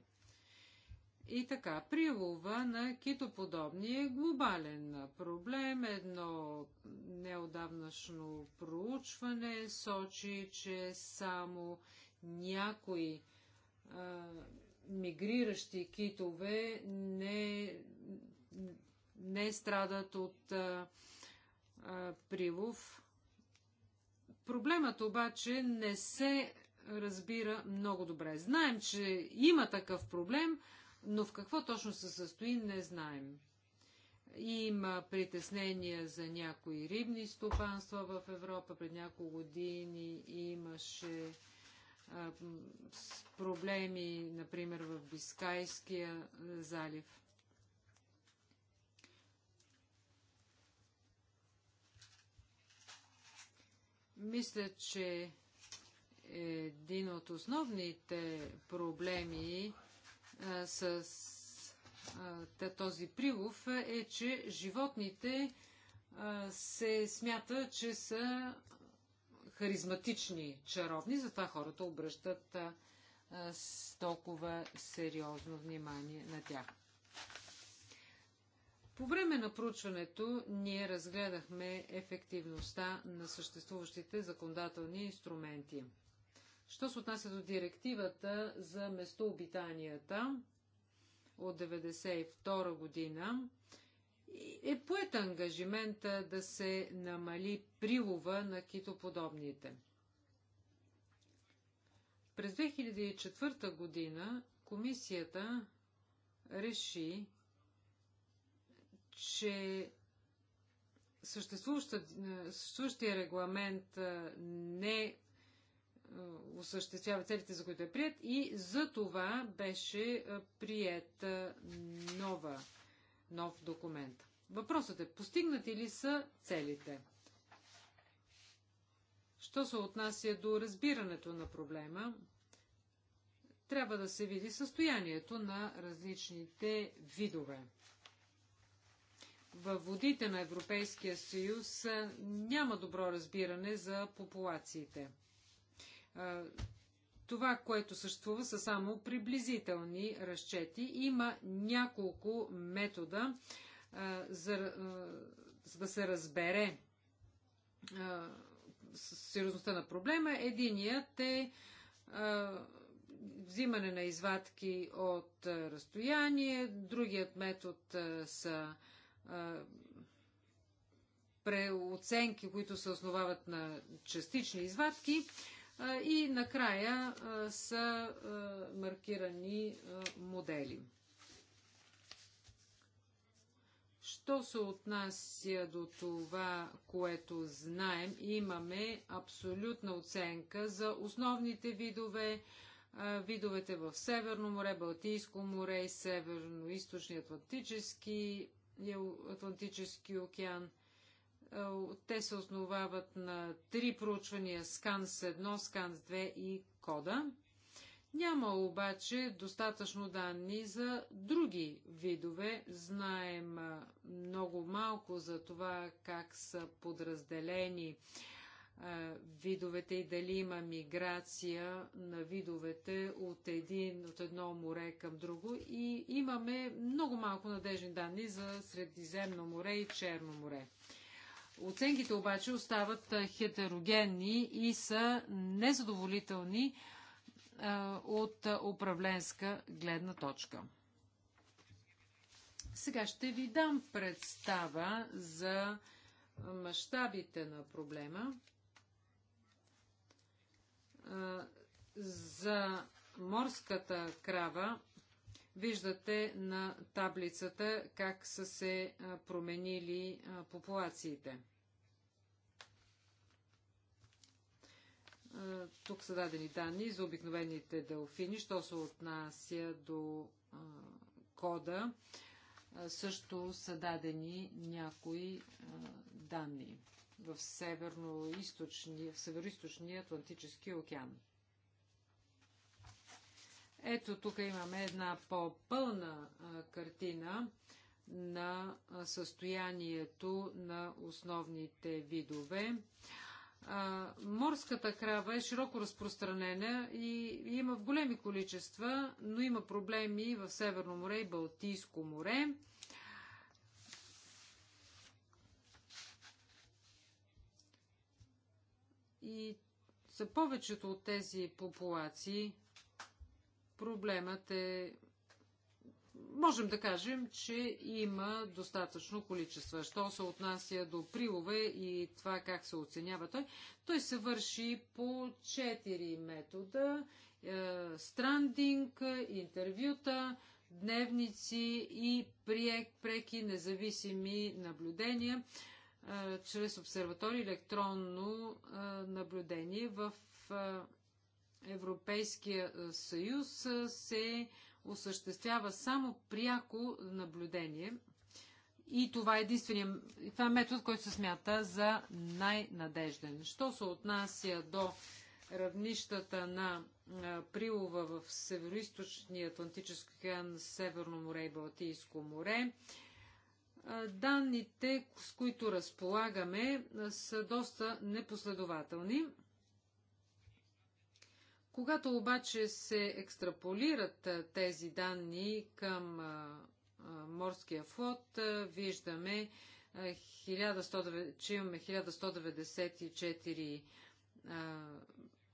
E: И така, прилова на китоподобни е глобален проблем. Едно неодавнашно проучване сочи, че само някои а, мигриращи китове не, не страдат от а, а, прилов. Проблемът обаче не се разбира много добре. Знаем, че има такъв проблем, но в какво точно се състои, не знаем. Има притеснения за някои рибни стопанства в Европа. Пред няколко години имаше а, проблеми, например, в Бискайския залив. Мисля, че един от основните проблеми с този прилов е, че животните се смята, че са харизматични чаровни, затова хората обръщат с толкова сериозно внимание на тях. По време на проучването ние разгледахме ефективността на съществуващите законодателни инструменти – Що се отнася до директивата за местообитанията от 1992 година, е поет ангажимента да се намали прилова на китоподобните. През 2004 година комисията реши, че съществуващия регламент не е, осъществява целите, за които е прият и за това беше е, прият е, нова, нов документ. Въпросът е, постигнати ли са целите? Що се отнася до разбирането на проблема, трябва да се види състоянието на различните видове. Във водите на Европейския съюз няма добро разбиране за популациите – това, което съществува, са само приблизителни разчети. Има няколко метода за, за да се разбере сериозността на проблема. Единият е взимане на извадки от разстояние, другият метод са преоценки, които се основават на частични извадки и накрая са маркирани модели. Що се отнася до това, което знаем, имаме абсолютна оценка за основните видове, видовете в Северно море, Балтийско море и Северно-Източни Атлантически, Атлантически океан. Е, те се основават на три проучвания SCANS 1, SCANS 2 и кода. Няма обаче достатъчно данни за други видове. Знаем много малко за това как са подразделени видовете и дали има миграция на видовете от, един, от едно море към друго. И имаме много малко надежни данни за Средиземно море и Черно море. Оценките обаче остават хетерогенни и са незадоволителни от управленска гледна точка. Сега ще ви дам представа за мащабите на проблема, за морската крава Виждате на таблицата как са се променили популациите. Тук са дадени данни за обикновените делфини, що се отнася до кода. Също са дадени някои данни в северо-источния, северо Атлантически океан. Ето тук имаме една по-пълна картина на състоянието на основните видове. морската крава е широко разпространена и, и има в големи количества, но има проблеми в Северно море и Балтийско море. И за повечето от тези популации Проблемът е можем да кажем, че има достатъчно количество, Що се отнася до прилове и това как се оценява той, той се върши по четири метода. Е, страндинг, интервюта, дневници и преки независими наблюдения е, чрез обсерватори електронно е, наблюдение в Европейския съюз се осъществява само пряко наблюдение. И това е единствения това е метод, който се смята за най-надежден. Що се отнася до равнищата на прилова в Североисточния Атлантически океан, Северно море и Балтийско море, данните, с които разполагаме, са доста непоследователни. Когато обаче се екстраполират тези данни към морския флот, виждаме, 1100, че имаме 1194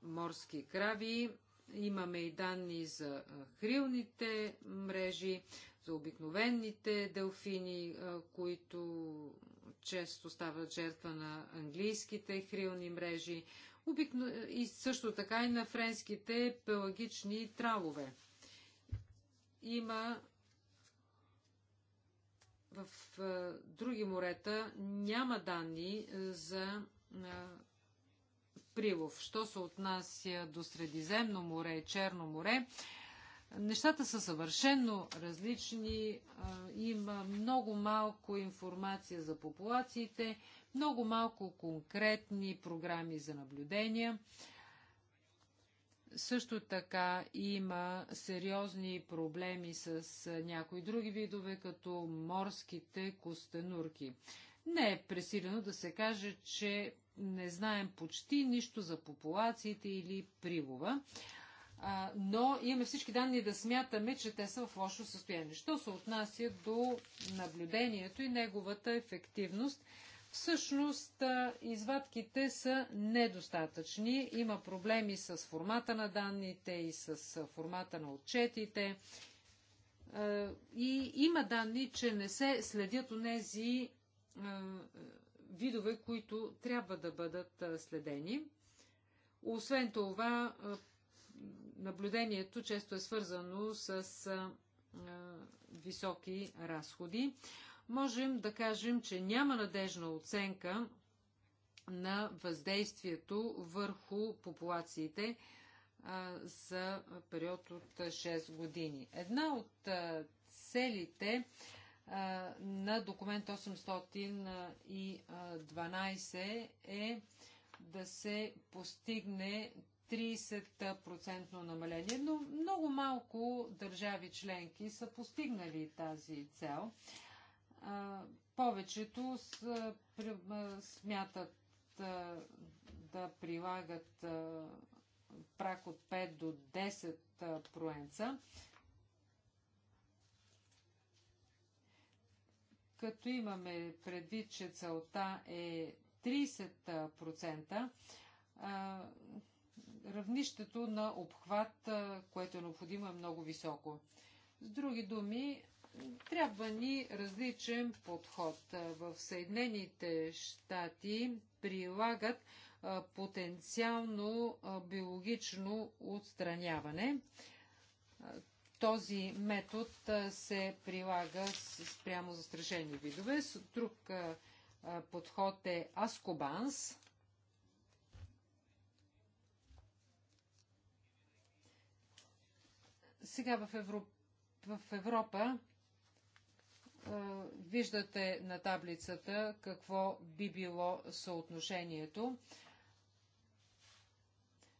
E: морски крави. Имаме и данни за хрилните мрежи, за обикновените делфини, които често стават жертва на английските хрилни мрежи обикно... Е, и също така и на френските пелагични тралове. Има в е, други морета няма данни за е, прилов. Що се отнася до Средиземно море и Черно море, Нещата са съвършенно различни. Има много малко информация за популациите, много малко конкретни програми за наблюдения. Също така има сериозни проблеми с някои други видове, като морските костенурки. Не е пресилено да се каже, че не знаем почти нищо за популациите или прилова а, но имаме всички данни да смятаме, че те са в лошо състояние. Що се отнася до наблюдението и неговата ефективност, всъщност извадките са недостатъчни. Има проблеми с формата на данните и с формата на отчетите. И има данни, че не се следят онези видове, които трябва да бъдат следени. Освен това, наблюдението често е свързано с високи разходи. Можем да кажем, че няма надежна оценка на въздействието върху популациите за период от 6 години. Една от целите на документ 812 е да се постигне 30% намаление, но много малко държави членки са постигнали тази цел. повечето смятат да прилагат прак от 5 до 10 проенца. Като имаме предвид, че целта е 30%, равнището на обхват, което е необходимо, е много високо. С други думи, трябва ни различен подход. В Съединените щати прилагат потенциално биологично отстраняване. Този метод се прилага спрямо застрашени видове. Друг подход е Аскобанс. Сега в, Европ... в Европа виждате на таблицата какво би било съотношението.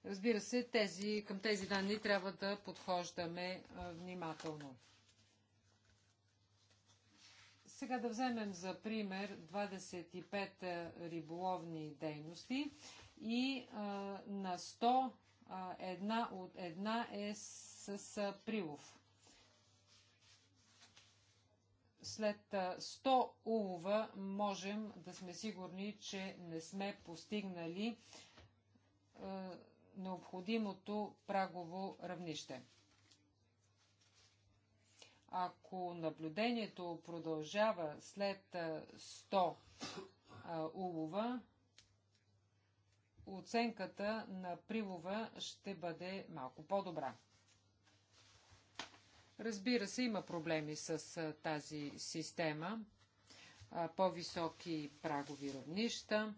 E: Разбира се, тези, към тези данни трябва да подхождаме е, внимателно. Сега да вземем за пример 25 риболовни дейности и а, на 100 а, една, от, една е с прилов. След 100 улова можем да сме сигурни, че не сме постигнали необходимото прагово равнище. Ако наблюдението продължава след 100 улова, оценката на прилова ще бъде малко по-добра. Разбира се, има проблеми с тази система, по-високи прагови равнища.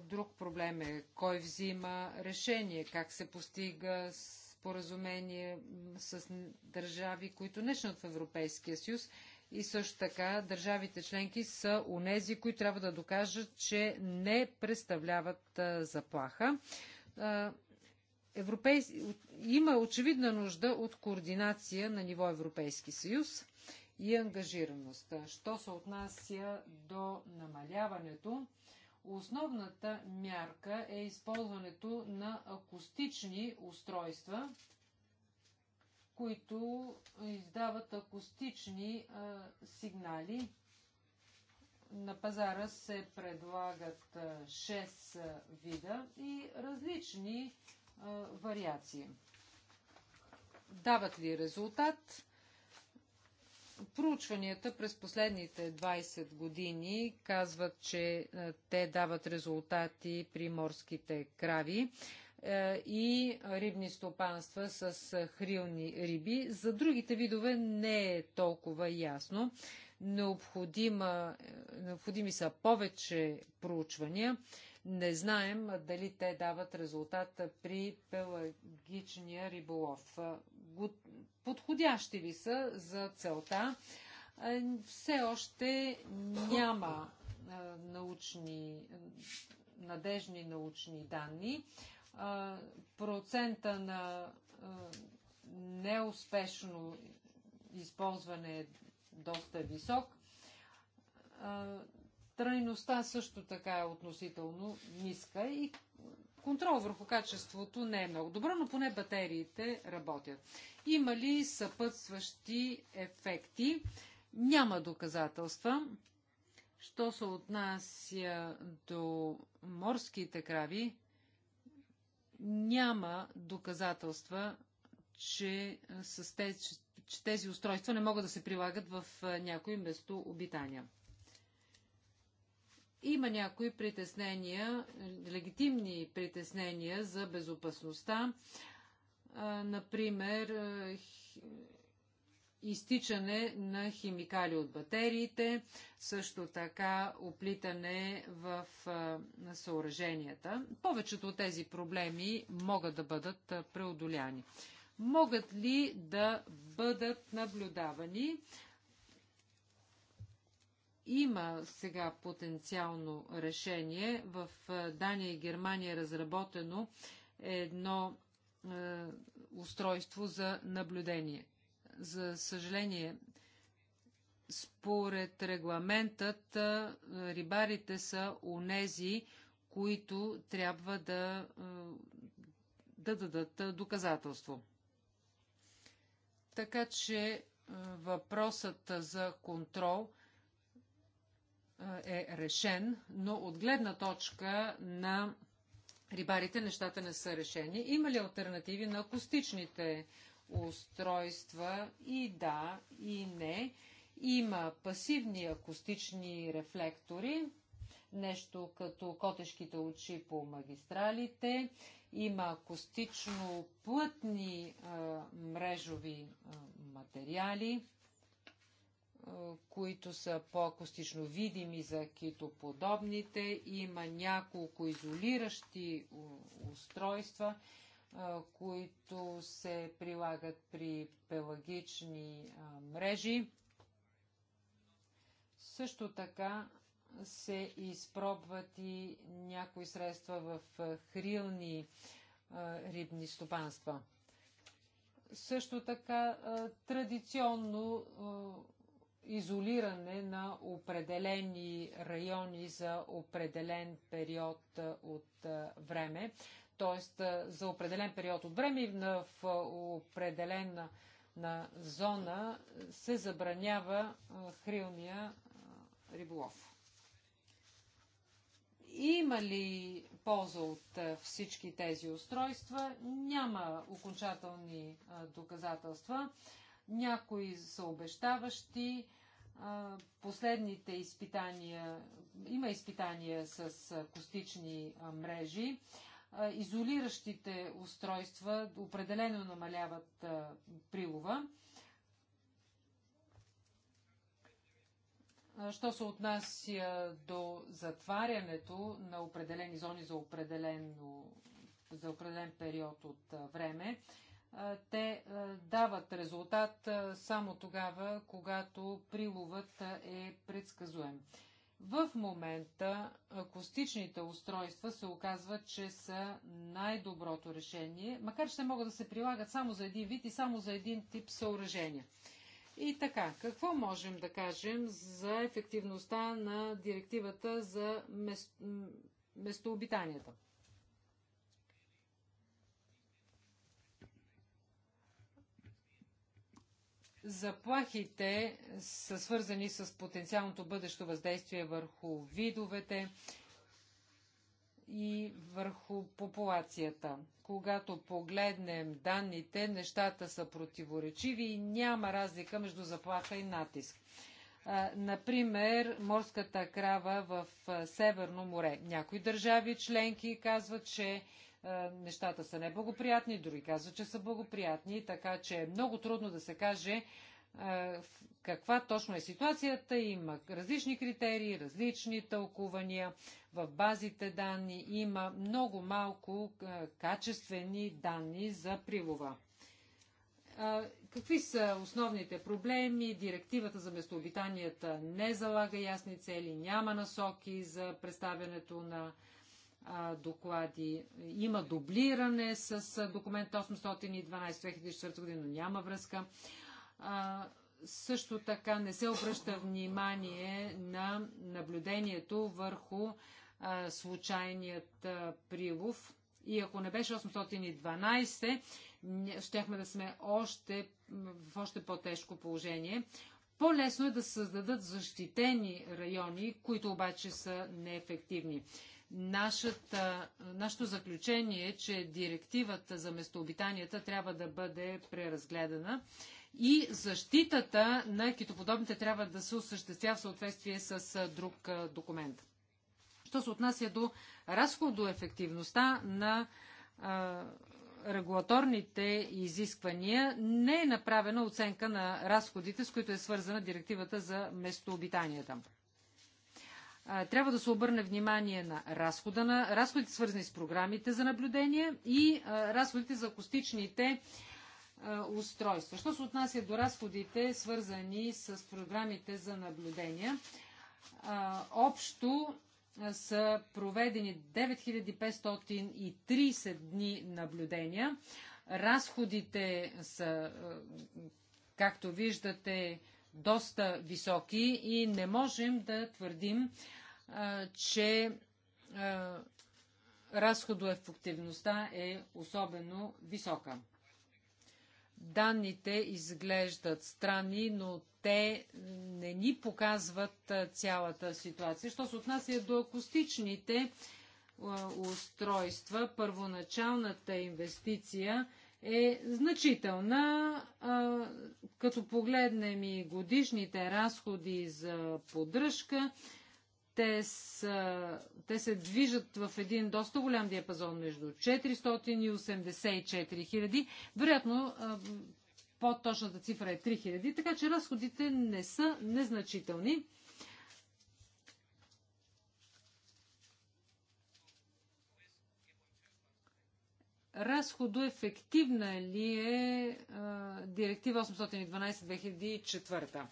E: Друг проблем е кой взима решение, как се постига споразумение с държави, които не са в Европейския съюз и също така държавите членки са унези, които трябва да докажат, че не представляват заплаха. Европейс... Има очевидна нужда от координация на ниво Европейски съюз и ангажираност. Що се отнася до намаляването, основната мярка е използването на акустични устройства, които издават акустични а, сигнали. На пазара се предлагат 6 вида и различни вариации. Дават ли резултат? Проучванията през последните 20 години казват, че те дават резултати при морските крави и рибни стопанства с хрилни риби. За другите видове не е толкова ясно. Необходима, необходими са повече проучвания. Не знаем дали те дават резултат при пелагичния риболов. Подходящи ли са за целта? Е, все още няма е, научни, надежни научни данни. Е, процента на неуспешно използване е доста висок. Трайността също така е относително ниска и контрол върху качеството не е много добро, но поне батериите работят. Има ли съпътстващи ефекти? Няма доказателства. Що се отнася до морските крави, няма доказателства, че, с тези, че тези устройства не могат да се прилагат в някои местообитания. Има някои притеснения, легитимни притеснения за безопасността, например изтичане на химикали от батериите, също така оплитане в съоръженията. Повечето от тези проблеми могат да бъдат преодоляни. Могат ли да бъдат наблюдавани? Има сега потенциално решение. В е, Дания и Германия е разработено едно е, устройство за наблюдение. За съжаление, според регламентът е, рибарите са унези, които трябва да, е, да дадат доказателство. Така че въпросът за контрол – е решен, но от гледна точка на рибарите нещата не са решени. Има ли альтернативи на акустичните устройства? И да, и не. Има пасивни акустични рефлектори, нещо като котешките очи по магистралите, има акустично плътни а, мрежови а, материали, които са по-акустично видими за китоподобните. Има няколко изолиращи устройства, които се прилагат при пелагични мрежи. Също така се изпробват и някои средства в хрилни рибни стопанства. Също така традиционно изолиране на определени райони за определен период от време, т.е. за определен период от време и в определена на зона се забранява хрилния риболов. Има ли полза от всички тези устройства? Няма окончателни доказателства. Някои са обещаващи. Последните изпитания, има изпитания с костични мрежи. Изолиращите устройства определено намаляват прилова. Що се отнася до затварянето на определени зони за, за определен период от време, те дават резултат само тогава, когато приловът е предсказуем. В момента акустичните устройства се оказват, че са най-доброто решение, макар че те могат да се прилагат само за един вид и само за един тип съоръжения. И така, какво можем да кажем за ефективността на директивата за мест... местообитанията? Заплахите са свързани с потенциалното бъдещо въздействие върху видовете и върху популацията. Когато погледнем данните, нещата са противоречиви и няма разлика между заплаха и натиск. Например, морската крава в Северно море. Някои държави членки казват, че е, нещата са неблагоприятни, други казват, че са благоприятни, така че е много трудно да се каже е, каква точно е ситуацията. Има различни критерии, различни тълкувания. В базите данни има много малко е, качествени данни за прилова. Какви са основните проблеми? Директивата за местообитанията не залага ясни цели, няма насоки за представянето на доклади. Има дублиране с документ 812-2004 година, но няма връзка. също така не се обръща внимание на наблюдението върху случайният прилов. И ако не беше 812, щяхме да сме още, в още по-тежко положение. По-лесно е да създадат защитени райони, които обаче са неефективни. Нашата, нашето заключение е, че директивата за местообитанията трябва да бъде преразгледана и защитата на китоподобните трябва да се осъществя в съответствие с друг документ. Що се отнася до разходоефективността на регулаторните изисквания, не е направена оценка на разходите, с които е свързана директивата за местообитанията трябва да се обърне внимание на, разхода на разходите, свързани с програмите за наблюдение и разходите за акустичните устройства. Що се отнася до разходите, свързани с програмите за наблюдение, общо са проведени 9530 дни наблюдения. Разходите са, както виждате, доста високи и не можем да твърдим, че разходоефективността е особено висока. Данните изглеждат странни, но те не ни показват цялата ситуация. Що се отнася до акустичните устройства, първоначалната инвестиция е значителна. Като погледнем и годишните разходи за поддръжка, те, са, те се движат в един доста голям диапазон между 484 хиляди. Вероятно, по-точната цифра е 3 хиляди, така че разходите не са незначителни. разходоефективна ли е а, директива 812-2004.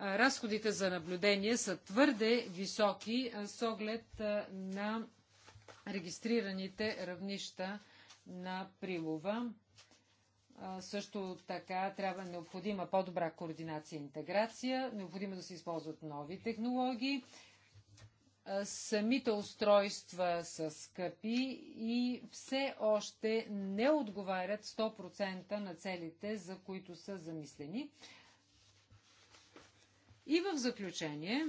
E: Разходите за наблюдение са твърде високи а, с оглед а, на регистрираните равнища на прилова. Също така трябва необходима по-добра координация и интеграция, необходимо да се използват нови технологии, Самите устройства са скъпи и все още не отговарят 100% на целите, за които са замислени. И в заключение,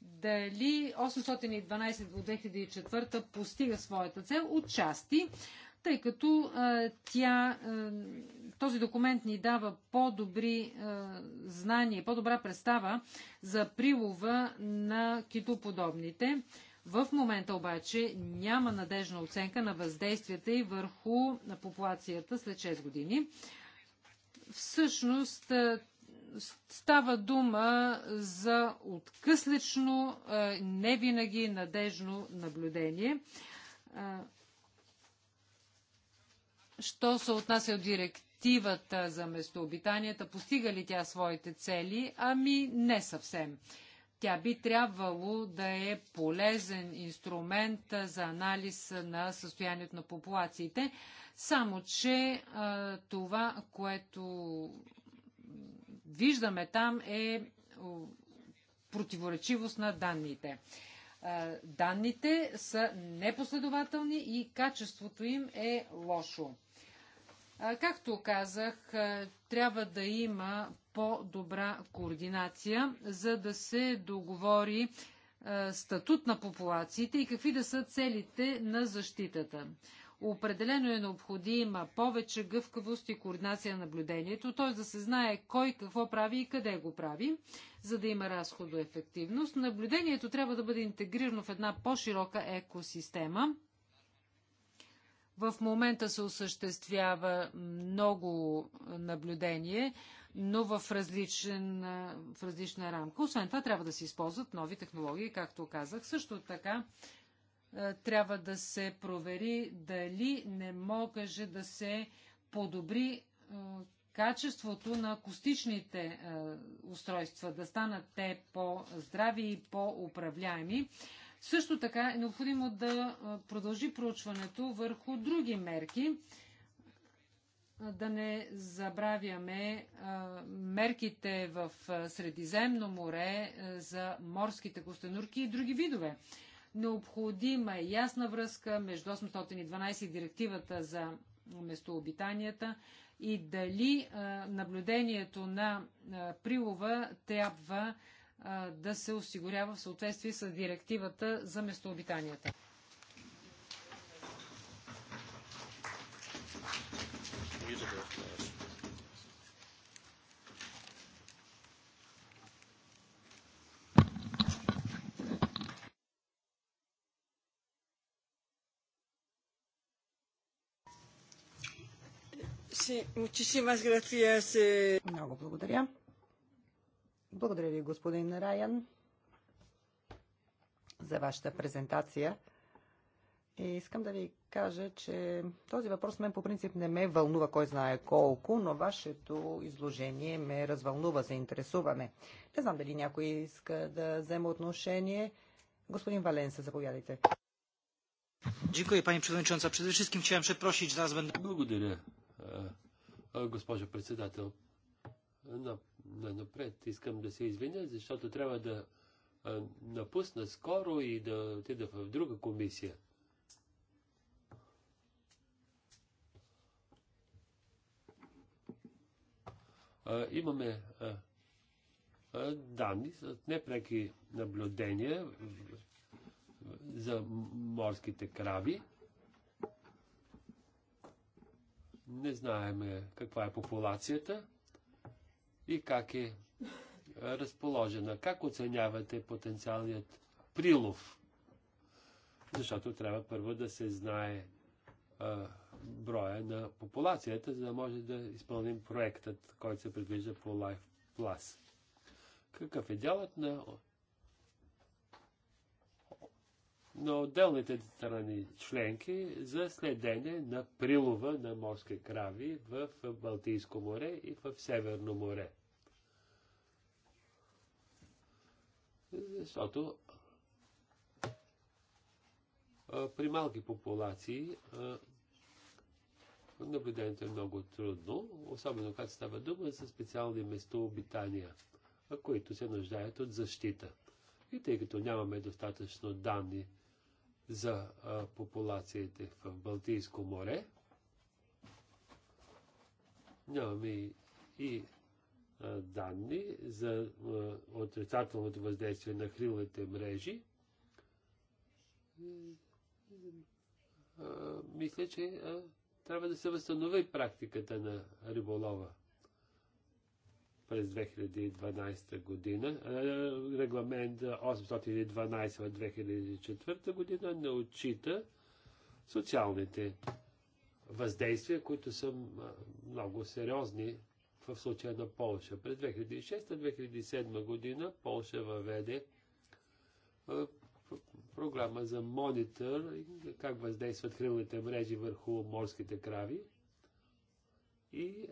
E: дали 812 от 2004 постига своята цел от части, тъй като а, тя а, този документ ни дава по-добри е, знания, по-добра представа за прилова на китоподобните. В момента обаче няма надежна оценка на въздействията и върху популацията след 6 години. Всъщност е, става дума за откъслечно, е, не винаги надежно наблюдение. Е, що се отнася от директ директивата за местообитанията, постига ли тя своите цели? Ами не съвсем. Тя би трябвало да е полезен инструмент за анализ на състоянието на популациите, само че това, което виждаме там е противоречивост на данните. данните са непоследователни и качеството им е лошо. Както казах, трябва да има по-добра координация, за да се договори статут на популациите и какви да са целите на защитата. Определено е необходима повече гъвкавост и координация на наблюдението, т.е. да се знае кой какво прави и къде го прави, за да има разходоефективност. Наблюдението трябва да бъде интегрирано в една по-широка екосистема в момента се осъществява много наблюдение, но в, различен, в различна рамка. Освен това, трябва да се използват нови технологии, както казах. Също така, е, трябва да се провери дали не може да се подобри е, качеството на акустичните е, устройства, да станат те по-здрави и по-управляеми също така е необходимо да продължи проучването върху други мерки. Да не забравяме мерките в Средиземно море за морските костенурки и други видове. Необходима е ясна връзка между 812 и директивата за местообитанията и дали наблюдението на прилова трябва да се осигурява в съответствие с директивата за местообитанията.
D: Eh. Много благодаря. Благодаря ви, господин Раян, за вашата презентация. И искам да ви кажа, че този въпрос мен по принцип не ме вълнува кой знае колко, но вашето изложение ме развълнува, заинтересуваме. Не знам дали някой иска да вземе отношение. Господин Валенса, заповядайте.
C: пани Pani Przewodnicząca. Przede wszystkim ще просить zaraz będę... Благодаря, госпожо председател. На напред. Искам да се извиня, защото трябва да напусна скоро и да отида в друга комисия. А, имаме а, а, данни от непреки наблюдения за морските краби. Не знаеме каква е популацията и как е, е разположена. Как оценявате потенциалният прилов? Защото трябва първо да се знае а, е, броя на популацията, за да може да изпълним проектът, който се предвижда по Life Plus. Какъв е делът на на отделните страни членки за следене на прилова на морски крави в Балтийско море и в Северно море. Защото при малки популации наблюдението е много трудно, особено когато става дума за специални местообитания, които се нуждаят от защита. И тъй като нямаме достатъчно данни за популациите в Балтийско море. Нямаме и, данни за отрицателното въздействие на хрилните мрежи. мисля, че трябва да се възстанови практиката на риболова през 2012 година. Е, регламент 812 от 2004 година не отчита социалните въздействия, които са много сериозни в случая на Полша. През 2006-2007 година Полша въведе е, програма за монитор, как въздействат хрилните мрежи върху морските крави и е,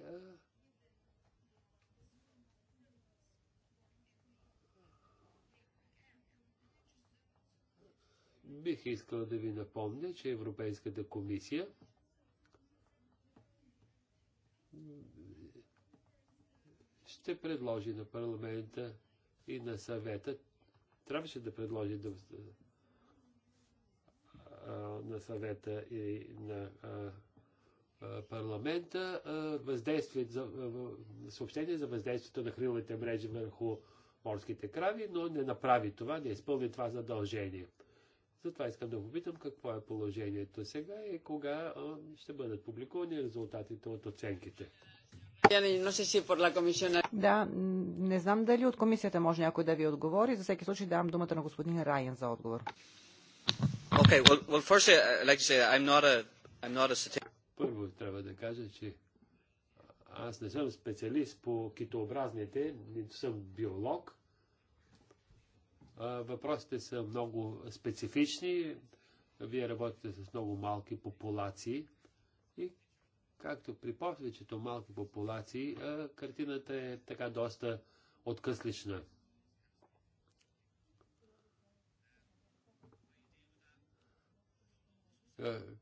C: Бих искал да ви напомня, че Европейската комисия ще предложи на парламента и на съвета, трябваше да предложи да, а, на съвета и на а, парламента въздействие за, съобщение за въздействието на хрилните мрежи върху морските крави, но не направи това, не изпълни това задължение. Затова искам да попитам какво е положението сега и кога ще бъдат публикувани резултатите от оценките.
D: Да, не знам дали от комисията може някой да ви отговори. За всеки случай давам думата на господин Райен за отговор. Uh,
C: Първо трябва да кажа, че аз не съм специалист по китообразните, нито съм биолог, Въпросите са много специфични. Вие работите с много малки популации и както при повечето малки популации, картината е така доста откъслична.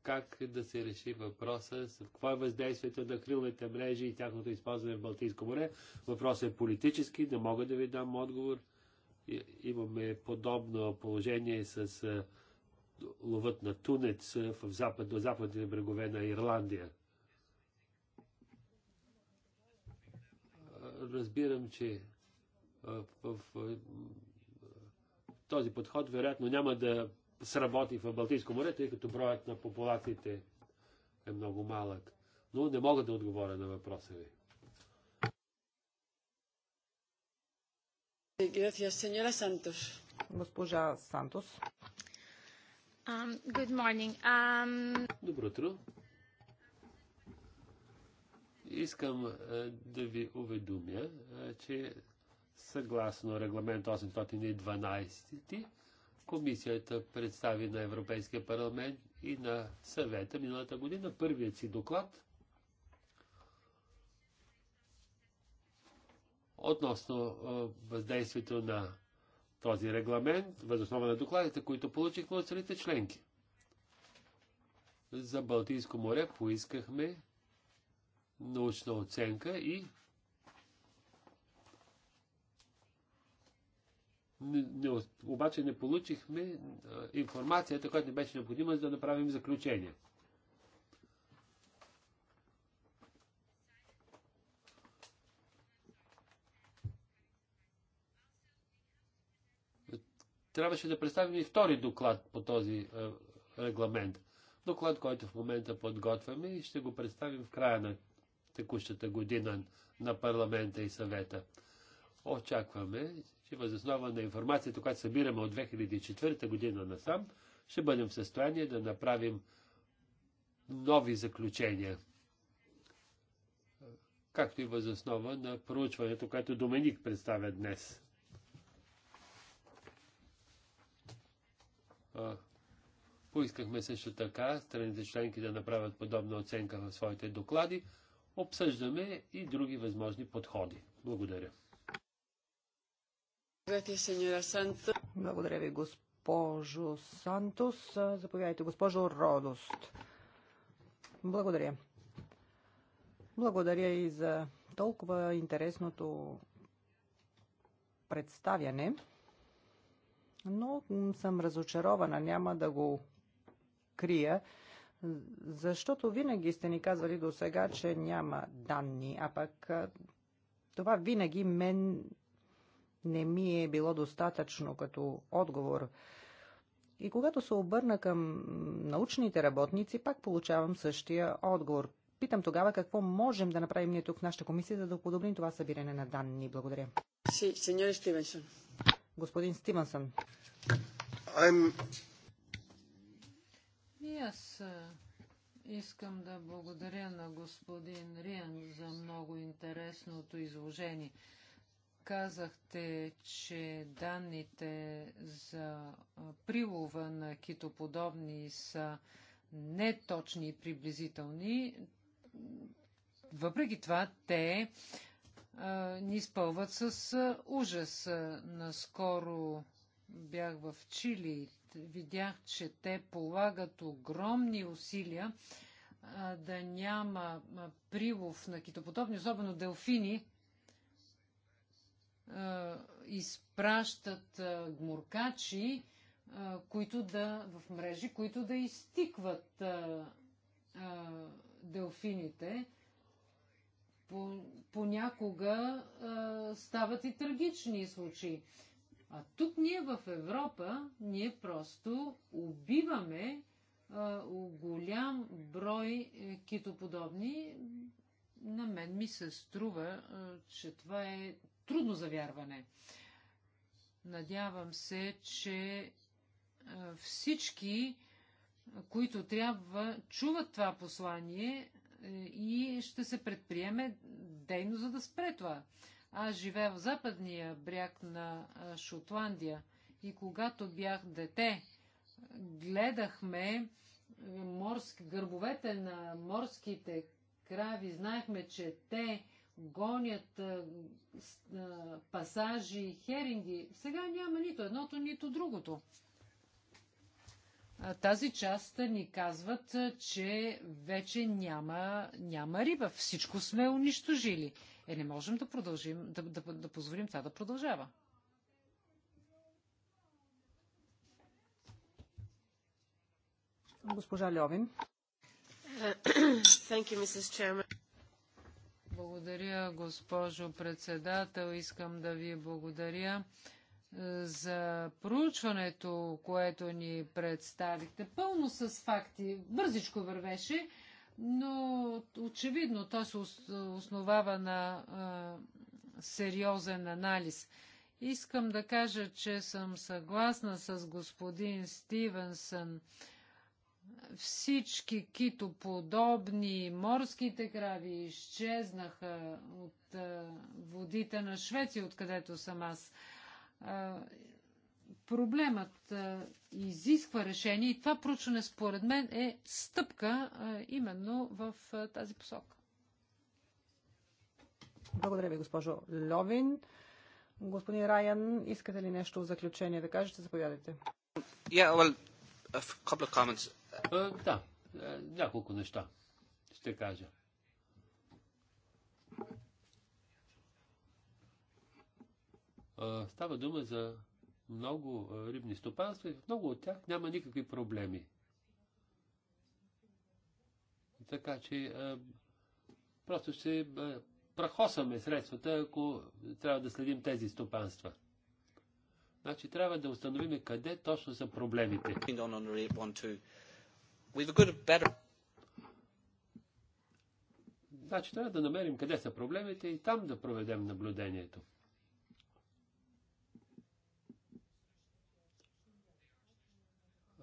C: Как да се реши въпроса с какво е въздействието на крилните мрежи и тяхното използване в Балтийско море? Въпросът е политически, не мога да ви дам отговор – имаме подобно положение с ловът на тунец в запад, до западните брегове на Ирландия. Разбирам, че в, в, в този подход вероятно няма да сработи в Балтийско море, тъй като броят на популациите е много малък. Но не мога да отговоря на въпроса ви.
A: Госпожа Сантос. Um, um,
C: Добро утро. Искам е, да ви уведомя, е, че съгласно регламент 812 комисията представи на Европейския парламент и на съвета миналата година първият си доклад относно въздействието на този регламент, възоснова на докладите, които получихме от страните членки. За Балтийско море поискахме научна оценка и не, не, обаче не получихме информацията, която не беше необходима, за да направим заключение. трябваше да представим и втори доклад по този е, регламент. Доклад, който в момента подготвяме и ще го представим в края на текущата година на парламента и съвета. Очакваме, че възоснова на информацията, която събираме от 2004 година насам, ще бъдем в състояние да направим нови заключения. Както и възоснова на проучването, което Доменик представя днес. Поискахме също така страните членки да направят подобна оценка в своите доклади. Обсъждаме и други възможни подходи. Благодаря.
D: Благодаря ви, госпожо Сантос. Заповядайте, госпожо Родост. Благодаря. Благодаря и за толкова интересното представяне но съм разочарована, няма да го крия, защото винаги сте ни казвали до сега, че няма данни, а пък това винаги мен не ми е било достатъчно като отговор. И когато се обърна към научните работници, пак получавам същия отговор. Питам тогава какво можем да направим ние тук в нашата комисия, за да подобрим това събиране на данни. Благодаря.
A: Sí, señor
D: господин Стивенсън.
A: I'm... И аз
E: искам да благодаря на господин Риан за много интересното изложение. Казахте, че данните за прилова на китоподобни са неточни и приблизителни. Въпреки това, те ни изпълват с ужас. Наскоро бях в Чили, видях, че те полагат огромни усилия да няма прилов на китоподобни, особено делфини, изпращат гмуркачи, които да, в мрежи, които да изтикват делфините понякога а, стават и трагични случаи. А тук ние в Европа, ние просто убиваме а, голям брой е, китоподобни. На мен ми се струва, а, че това е трудно за вярване. Надявам се, че а, всички, които трябва, чуват това послание е, и ще се предприеме дейно за да спре това. Аз живея в западния бряг на Шотландия и когато бях дете, гледахме е, морски, гърбовете на морските крави, знаехме, че те гонят а, а, пасажи, херинги. Сега няма нито едното, нито другото тази част ни казват, че вече няма, няма риба. Всичко сме унищожили. Е, не можем да продължим, да, да, да позволим това да продължава. Госпожа Льовин. Благодаря, госпожо председател. Искам да ви благодаря за проучването, което ни представихте. Пълно с факти. Бързичко вървеше, но очевидно то се основава на а, сериозен анализ. Искам да кажа, че съм съгласна с господин Стивенсън. Всички китоподобни морските крави изчезнаха от а, водите на Швеция, откъдето съм аз проблемът изисква решение и това проучване според мен е стъпка именно в тази посока.
D: Благодаря ви, госпожо Льовин. Господин Райан, искате ли нещо в заключение да кажете? Заповядайте. Yeah, well, uh, да,
C: е, няколко неща ще кажа. Става дума за много рибни стопанства и в много от тях няма никакви проблеми. Така че просто ще прахосаме средствата, ако трябва да следим тези стопанства. Значи трябва да установим къде точно са проблемите. Значи трябва да намерим къде са проблемите и там да проведем наблюдението.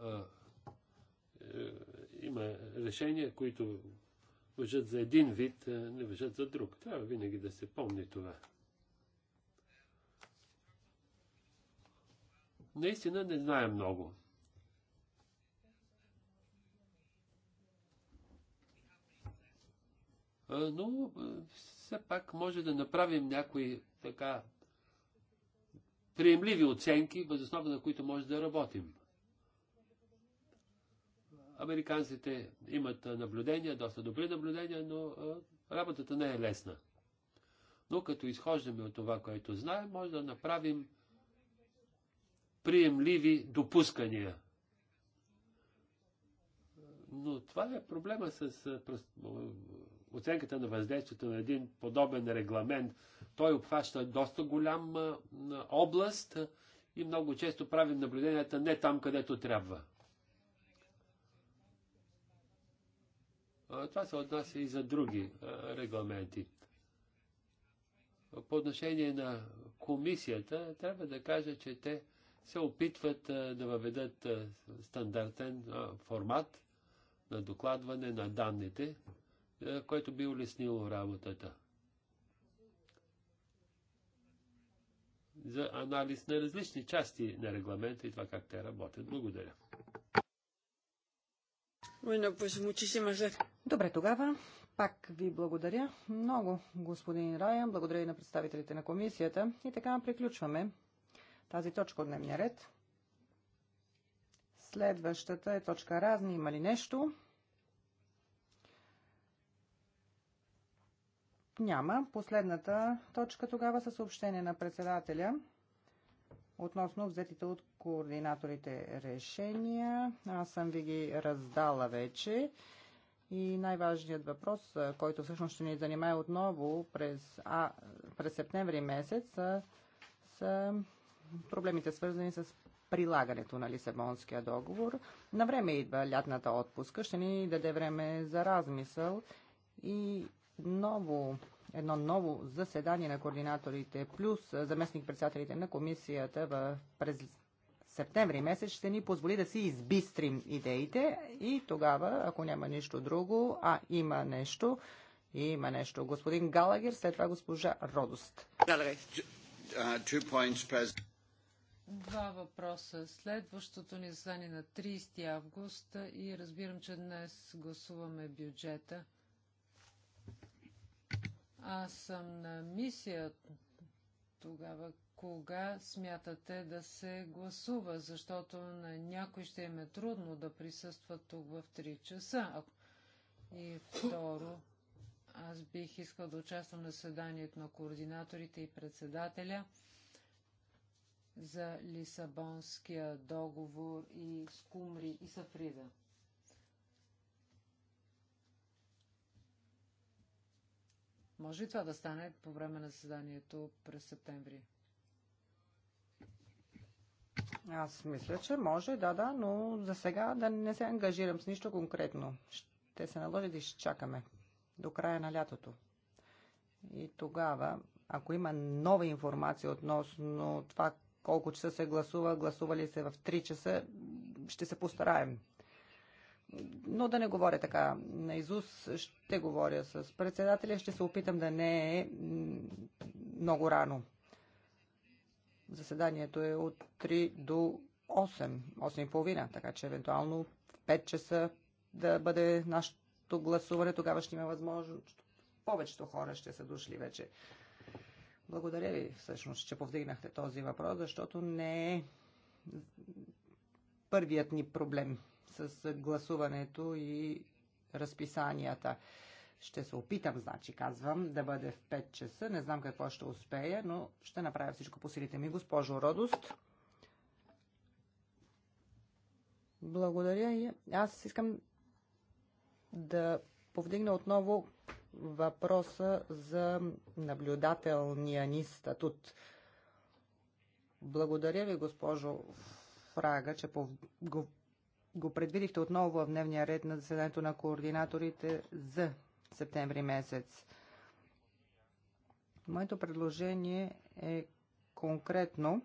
C: Е, има решения, които въжат за един вид, не въжат за друг. Трябва винаги да се помни това. Наистина не знае много. Но все пак може да направим някои така приемливи оценки, възоснова на които може да работим. Американците имат наблюдения, доста добри наблюдения, но работата не е лесна. Но като изхождаме от това, което знаем, може да направим приемливи допускания. Но това е проблема с оценката на въздействието на един подобен регламент. Той обхваща доста голям област и много често правим наблюденията не там, където трябва. Това се отнася и за други регламенти. По отношение на комисията, трябва да кажа, че те се опитват да въведат стандартен формат на докладване на данните, което би улеснило работата. За анализ на различни части на регламента и това как те работят. Благодаря.
D: Добре, тогава пак ви благодаря много, господин Раян. Благодаря и на представителите на комисията. И така приключваме тази точка от дневния ред. Следващата е точка разни. Има ли нещо? Няма. Последната точка тогава са съобщение на председателя. Относно взетите от координаторите решения, аз съм ви ги раздала вече. И най-важният въпрос, който всъщност ще ни занимае отново през, а, през септември месец, са, са проблемите свързани с прилагането на Лисабонския договор. На време идва лятната отпуска, ще ни даде време за размисъл и ново едно ново заседание на координаторите плюс заместник-председателите на комисията в, през септември месец ще ни позволи да си избистрим идеите и тогава, ако няма нищо друго, а има нещо, има нещо. Господин Галагер, след това госпожа
A: Родост.
E: Два въпроса. Следващото ни заседание е на 30 август и разбирам, че днес гласуваме бюджета. Аз съм на мисия тогава, кога смятате да се гласува, защото на някой ще им е трудно да присъства тук в 3 часа. И второ, аз бих искал да участвам на съданието на координаторите и председателя за Лисабонския договор и Скумри и Сафрида. Може ли това да стане по време на заседанието през септември?
D: Аз мисля, че може, да, да, но за сега да не се ангажирам с нищо конкретно. Ще се наложи да изчакаме до края на лятото. И тогава, ако има нова информация относно това колко часа се гласува, гласували се в 3 часа, ще се постараем но да не говоря така на Изус, ще говоря с председателя, ще се опитам да не е много рано. Заседанието е от 3 до 8, 8.30, така че евентуално в 5 часа да бъде нашето гласуване, тогава ще има възможност. Повечето хора ще са дошли вече. Благодаря ви всъщност, че повдигнахте този въпрос, защото не е първият ни проблем с гласуването и разписанията. Ще се опитам, значи, казвам, да бъде в 5 часа. Не знам какво ще успея, но ще направя всичко по силите ми, госпожо Родост. Благодаря и аз искам да повдигна отново въпроса за наблюдателния ни статут. Благодаря ви, госпожо Фрага, че го предвидихте отново в дневния ред на заседанието на координаторите за септември месец. Моето предложение е конкретно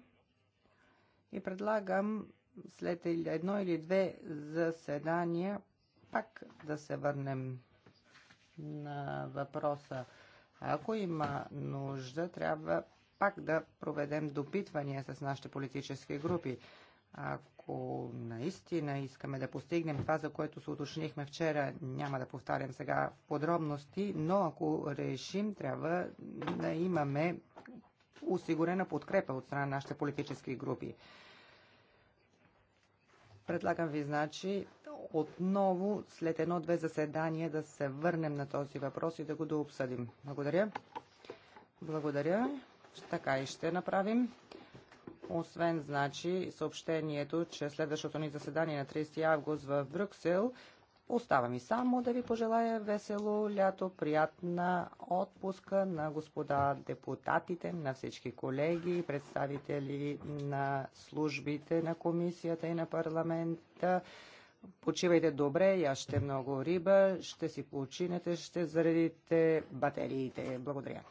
D: и предлагам след едно или две заседания пак да се върнем на въпроса. Ако има нужда, трябва пак да проведем допитвания с нашите политически групи. Ако ако наистина искаме да постигнем това, за което се уточнихме вчера, няма да повтарям сега в подробности, но ако решим, трябва да имаме осигурена подкрепа от страна на нашите политически групи. Предлагам ви, значи, отново след едно-две заседания да се върнем на този въпрос и да го дообсъдим. Благодаря. Благодаря. Така и ще направим. Освен, значи, съобщението, че следващото ни заседание на 30 август в Брюксел, остава ми само да ви пожелая весело лято, приятна отпуска на господа депутатите, на всички колеги, представители на службите на комисията и на парламента. Почивайте добре, ще много риба, ще си починете, ще заредите батериите. Благодаря.